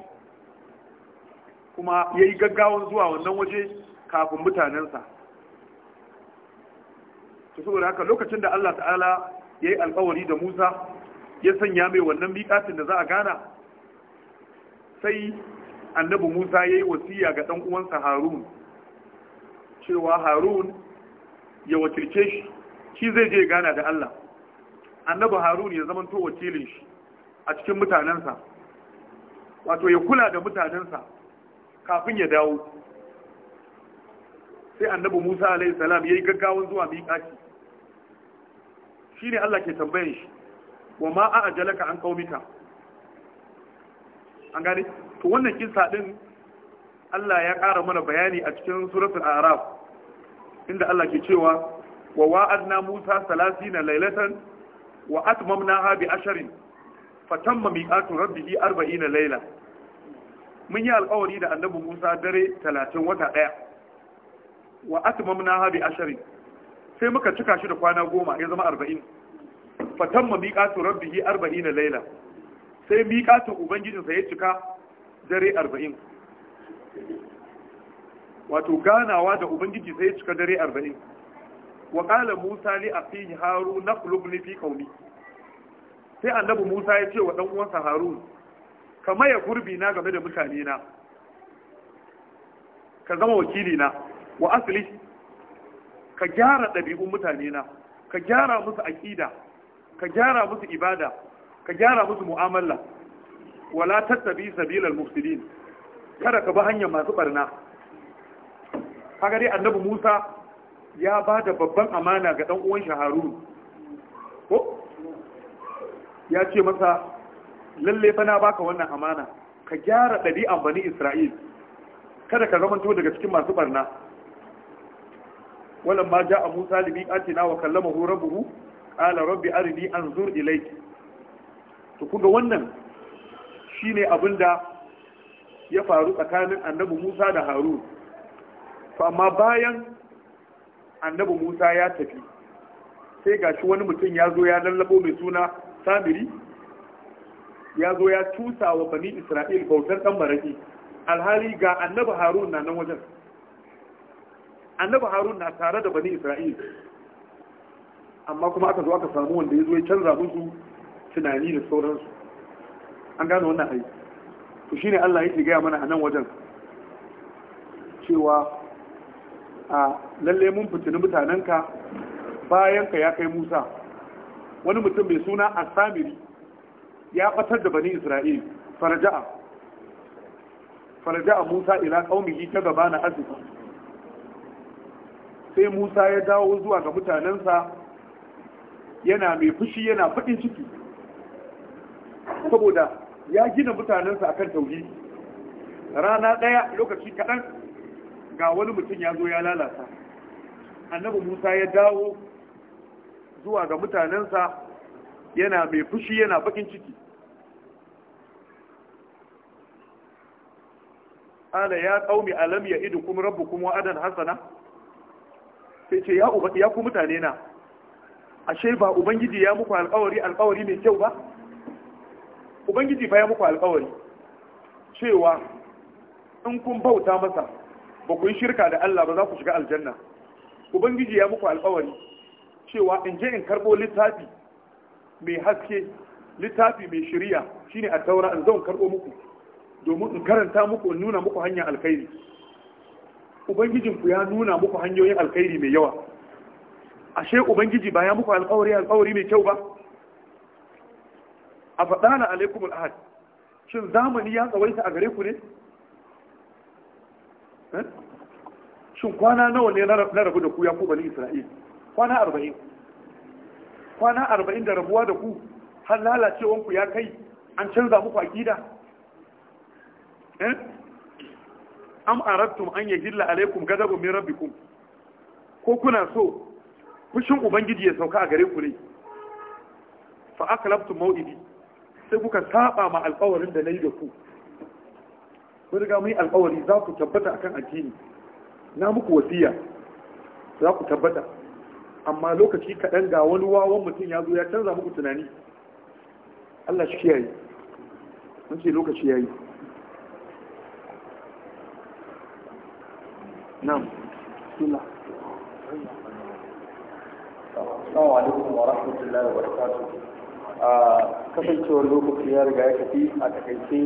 S1: kuma ya yi gaggawan zuwa wannan waje kafin mutanensa ta saboda haka lokacin da Allah ta'ala ya yi alkawari da Musa ya sanya mai wannan miƙacin da za a gana sai annabi Musa ya yi wasiya ga 'ɗan uwansa Harun cewa Harun ya wakilce shi shi zai je gana da Allah annabi Harun ya zama wakilin shi a cikin mutanensa wato ya kula da mutanensa kafin ya dawo sai annabi Musa alaihi salam yi gaggawan zuwa Shi ne Allah ke tambayan shi wa ma a'ajalaka an qaumika an gane to wannan kisa din Allah ya ƙara mana bayani a cikin suratul araf inda Allah ke cewa wa wa'adna musa 30 lailatan wa atmamnaha bi asharin tamma miqatu rabbihi 40 laila mun yi alƙawari da annabi musa dare 30 wata daya wa atmamnaha bi asharin sai muka cika shi da kwana goma ya zama 40 tamma miqatu rabbihi 40 laila sai miƙatin ubangijinsa ya cika dare arba'in wato ganawa da ubangiji sai ya cika dare arba'in wa ƙala musa ne a fi haru na kulubni fi kauni sai annabi musa ya ce wa ɗan uwansa harun ka maye gurbi na game da mutane na ka zama wakili na wa asali ka gyara ɗabi'un mutane na ka gyara musu aƙida ka gyara musu ibada ka gyara musu mu'amala wala tattabi sabilal mufsidin kada ka bi hanyar masu barna kaga dai annabi Musa ya ba da babban amana ga dan uwan shaharuru. ko ya ce masa lalle fa na baka wannan amana ka gyara ɗabi'an bani Isra'il kada ka zamanto daga cikin masu barna walamma ja'a Musa libi atina wa kallamahu rabbuhu qala rabbi arini anzur ilayka to kuga wannan shine abin da ya faru tsakanin annabi Musa da Harun to amma bayan annabi Musa ya tafi sai gashi wani mutum ya zo ya lallabo mai suna Samiri ya zo ya cusa wa bani Isra'il bautar dan maraki alhali ga annabi Harun na nan wajen annabi Harun na tare da bani Isra'il amma kuma aka zo aka samu wanda ya zo ya canza musu tunani da sauransu an gano wannan aiki to shi Allah yake gaya mana a nan wajen cewa a lalle mun fitini bayan ka ya kai Musa wani mutum mai suna Asamiri ya batar da bani Isra'il faraja'a faraja'a Musa ila qaumihi ta gaba na arziki sai Musa ya dawo zuwa ga mutanensa yana mai fushi yana faɗin ciki saboda ya gina mutanensa a kan tauri rana ɗaya lokaci kaɗan ga wani mutum ya zo ya lalata annabi musa ya dawo zuwa ga mutanensa yana mai fushi yana bakin ciki ala ya ƙaumi alam ya idu kuma rabu kuma adan hasana sai ce ya ku mutane na ashe ba ubangiji ya muku alkawari alkawari mai kyau ba ubangiji fa ya muku alkawari cewa in kun bauta masa ba ku yi shirka da Allah ba za ku shiga aljanna ubangiji ya muku alkawari cewa in je in karbo littafi mai haske littafi mai shiriya shine a taura in zan karbo muku domin in karanta muku in nuna muku hanyar alkhairi ubangijinku ya nuna muku hanyoyin alkhairi mai yawa ashe ubangiji ba ya muku alkawari alkawari mai kyau ba a faɗana alaikum ahad shin zamani ya tsawaita a gare ku ne eh? shin kwana nawa ne na rabu da ku ya kubali bani isra'il kwana arba'in kwana arba'in da rabuwa da ku har lalacewanku ya kai an canza muku aƙida eh? am arabtum an yajilla alaikum gadabun min rabbikum ko kuna so fushin ubangiji ya sauka a gare ku ne fa akalabtum mau'idi sai kuka saba ma alƙawarin da na yi da ku kun riga mun yi alƙawari za ku tabbata akan addini na muku wasiya za ku tabbata amma lokaci kaɗan ga wani wawan mutum ya zo ya canza muku tunani Allah
S3: shi kiyaye mun ce lokaci ya yi na'am bismillah السلام عليكم ورحمة الله وبركاته kasancewar lokaci ya riga ya tafi a takaice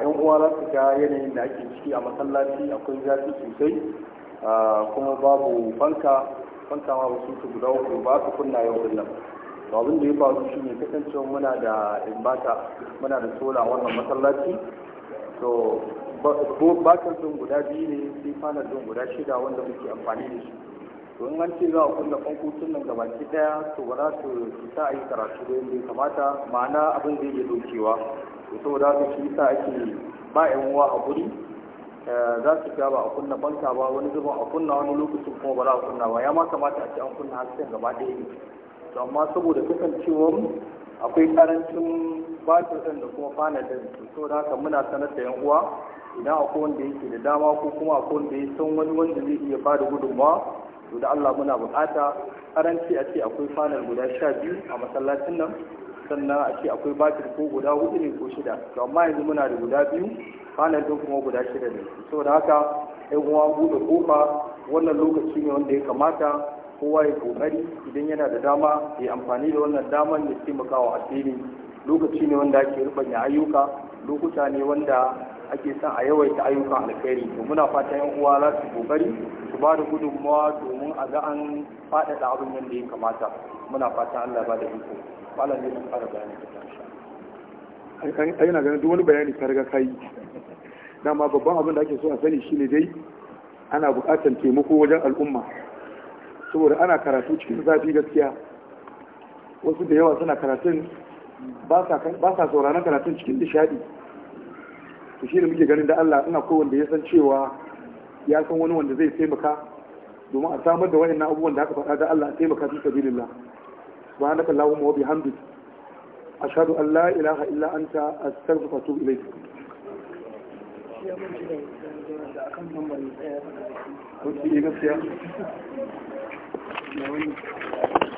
S3: yan uwa za su ga yanayin da ake ciki a masallaci akwai zafi sosai kuma babu fanka fanka ma wasu su guda uku ba su kunna yau kullum to abin da ya faru shi ne kasancewar muna da imbata muna da sola wannan masallaci to bakan guda biyu ne sai fanar guda shida wanda muke amfani da shi don in an ce za a kunna kwankwacin nan gabaki daya to ba za su sa a yi karatu da yadda kamata ma'ana abin zai iya dokewa to saboda su shi sa ake ba yan uwa a guri eh, za su ga ba a kunna fanka ba wani zubin a kunna wani lokacin kuma ba za a kunna ba ya ma kamata a ce an kunna hasken gaba daya ne to amma saboda kasancewar akwai karancin batir ɗin da kuma fana to saboda haka muna sanar da yan uwa idan akwai wanda yake da dama ko kuma akwai wanda ya san wani wanda zai iya da gudunmawa to da Allah muna bukata karanci a ce akwai fanar guda sha biyu a masallacin nan sannan a ce akwai batir ko guda hudu ne ko shida to amma yanzu muna da guda biyu fanar din kuma guda shida ne saboda haka yan uwa buɗe kofa wannan lokaci ne wanda ya kamata kowa ya kokari idan yana da dama ya amfani da wannan damar ya taimaka wa addini lokaci ne wanda ake rubanya ayyuka lokuta ne wanda ake son a yawaita ayyukan alkhairi to muna fata yan uwa za su kokari su ba da gudunmawa domin a ga an faɗaɗa abin yadda ya kamata muna fata Allah ba da iko malam zai fara bayani
S1: ai ina ganin duk wani bayani ka riga kai dama babban abin da ake so a sani shine dai ana buƙatar taimako wajen al'umma saboda ana karatu cikin zafi gaskiya wasu da yawa suna karatun ba sa sauraron karatun cikin nishadi to shi da muke ganin da Allah ina ko wanda ya san cewa ya san wani wanda zai taimaka domin a samar da wayannan abubuwan da aka faɗa da Allah a taimaka fi sabilillah subhanaka allahumma wa bihamdik ashhadu an la ilaha illa anta astaghfiruka wa atubu ilayk
S3: Thank you.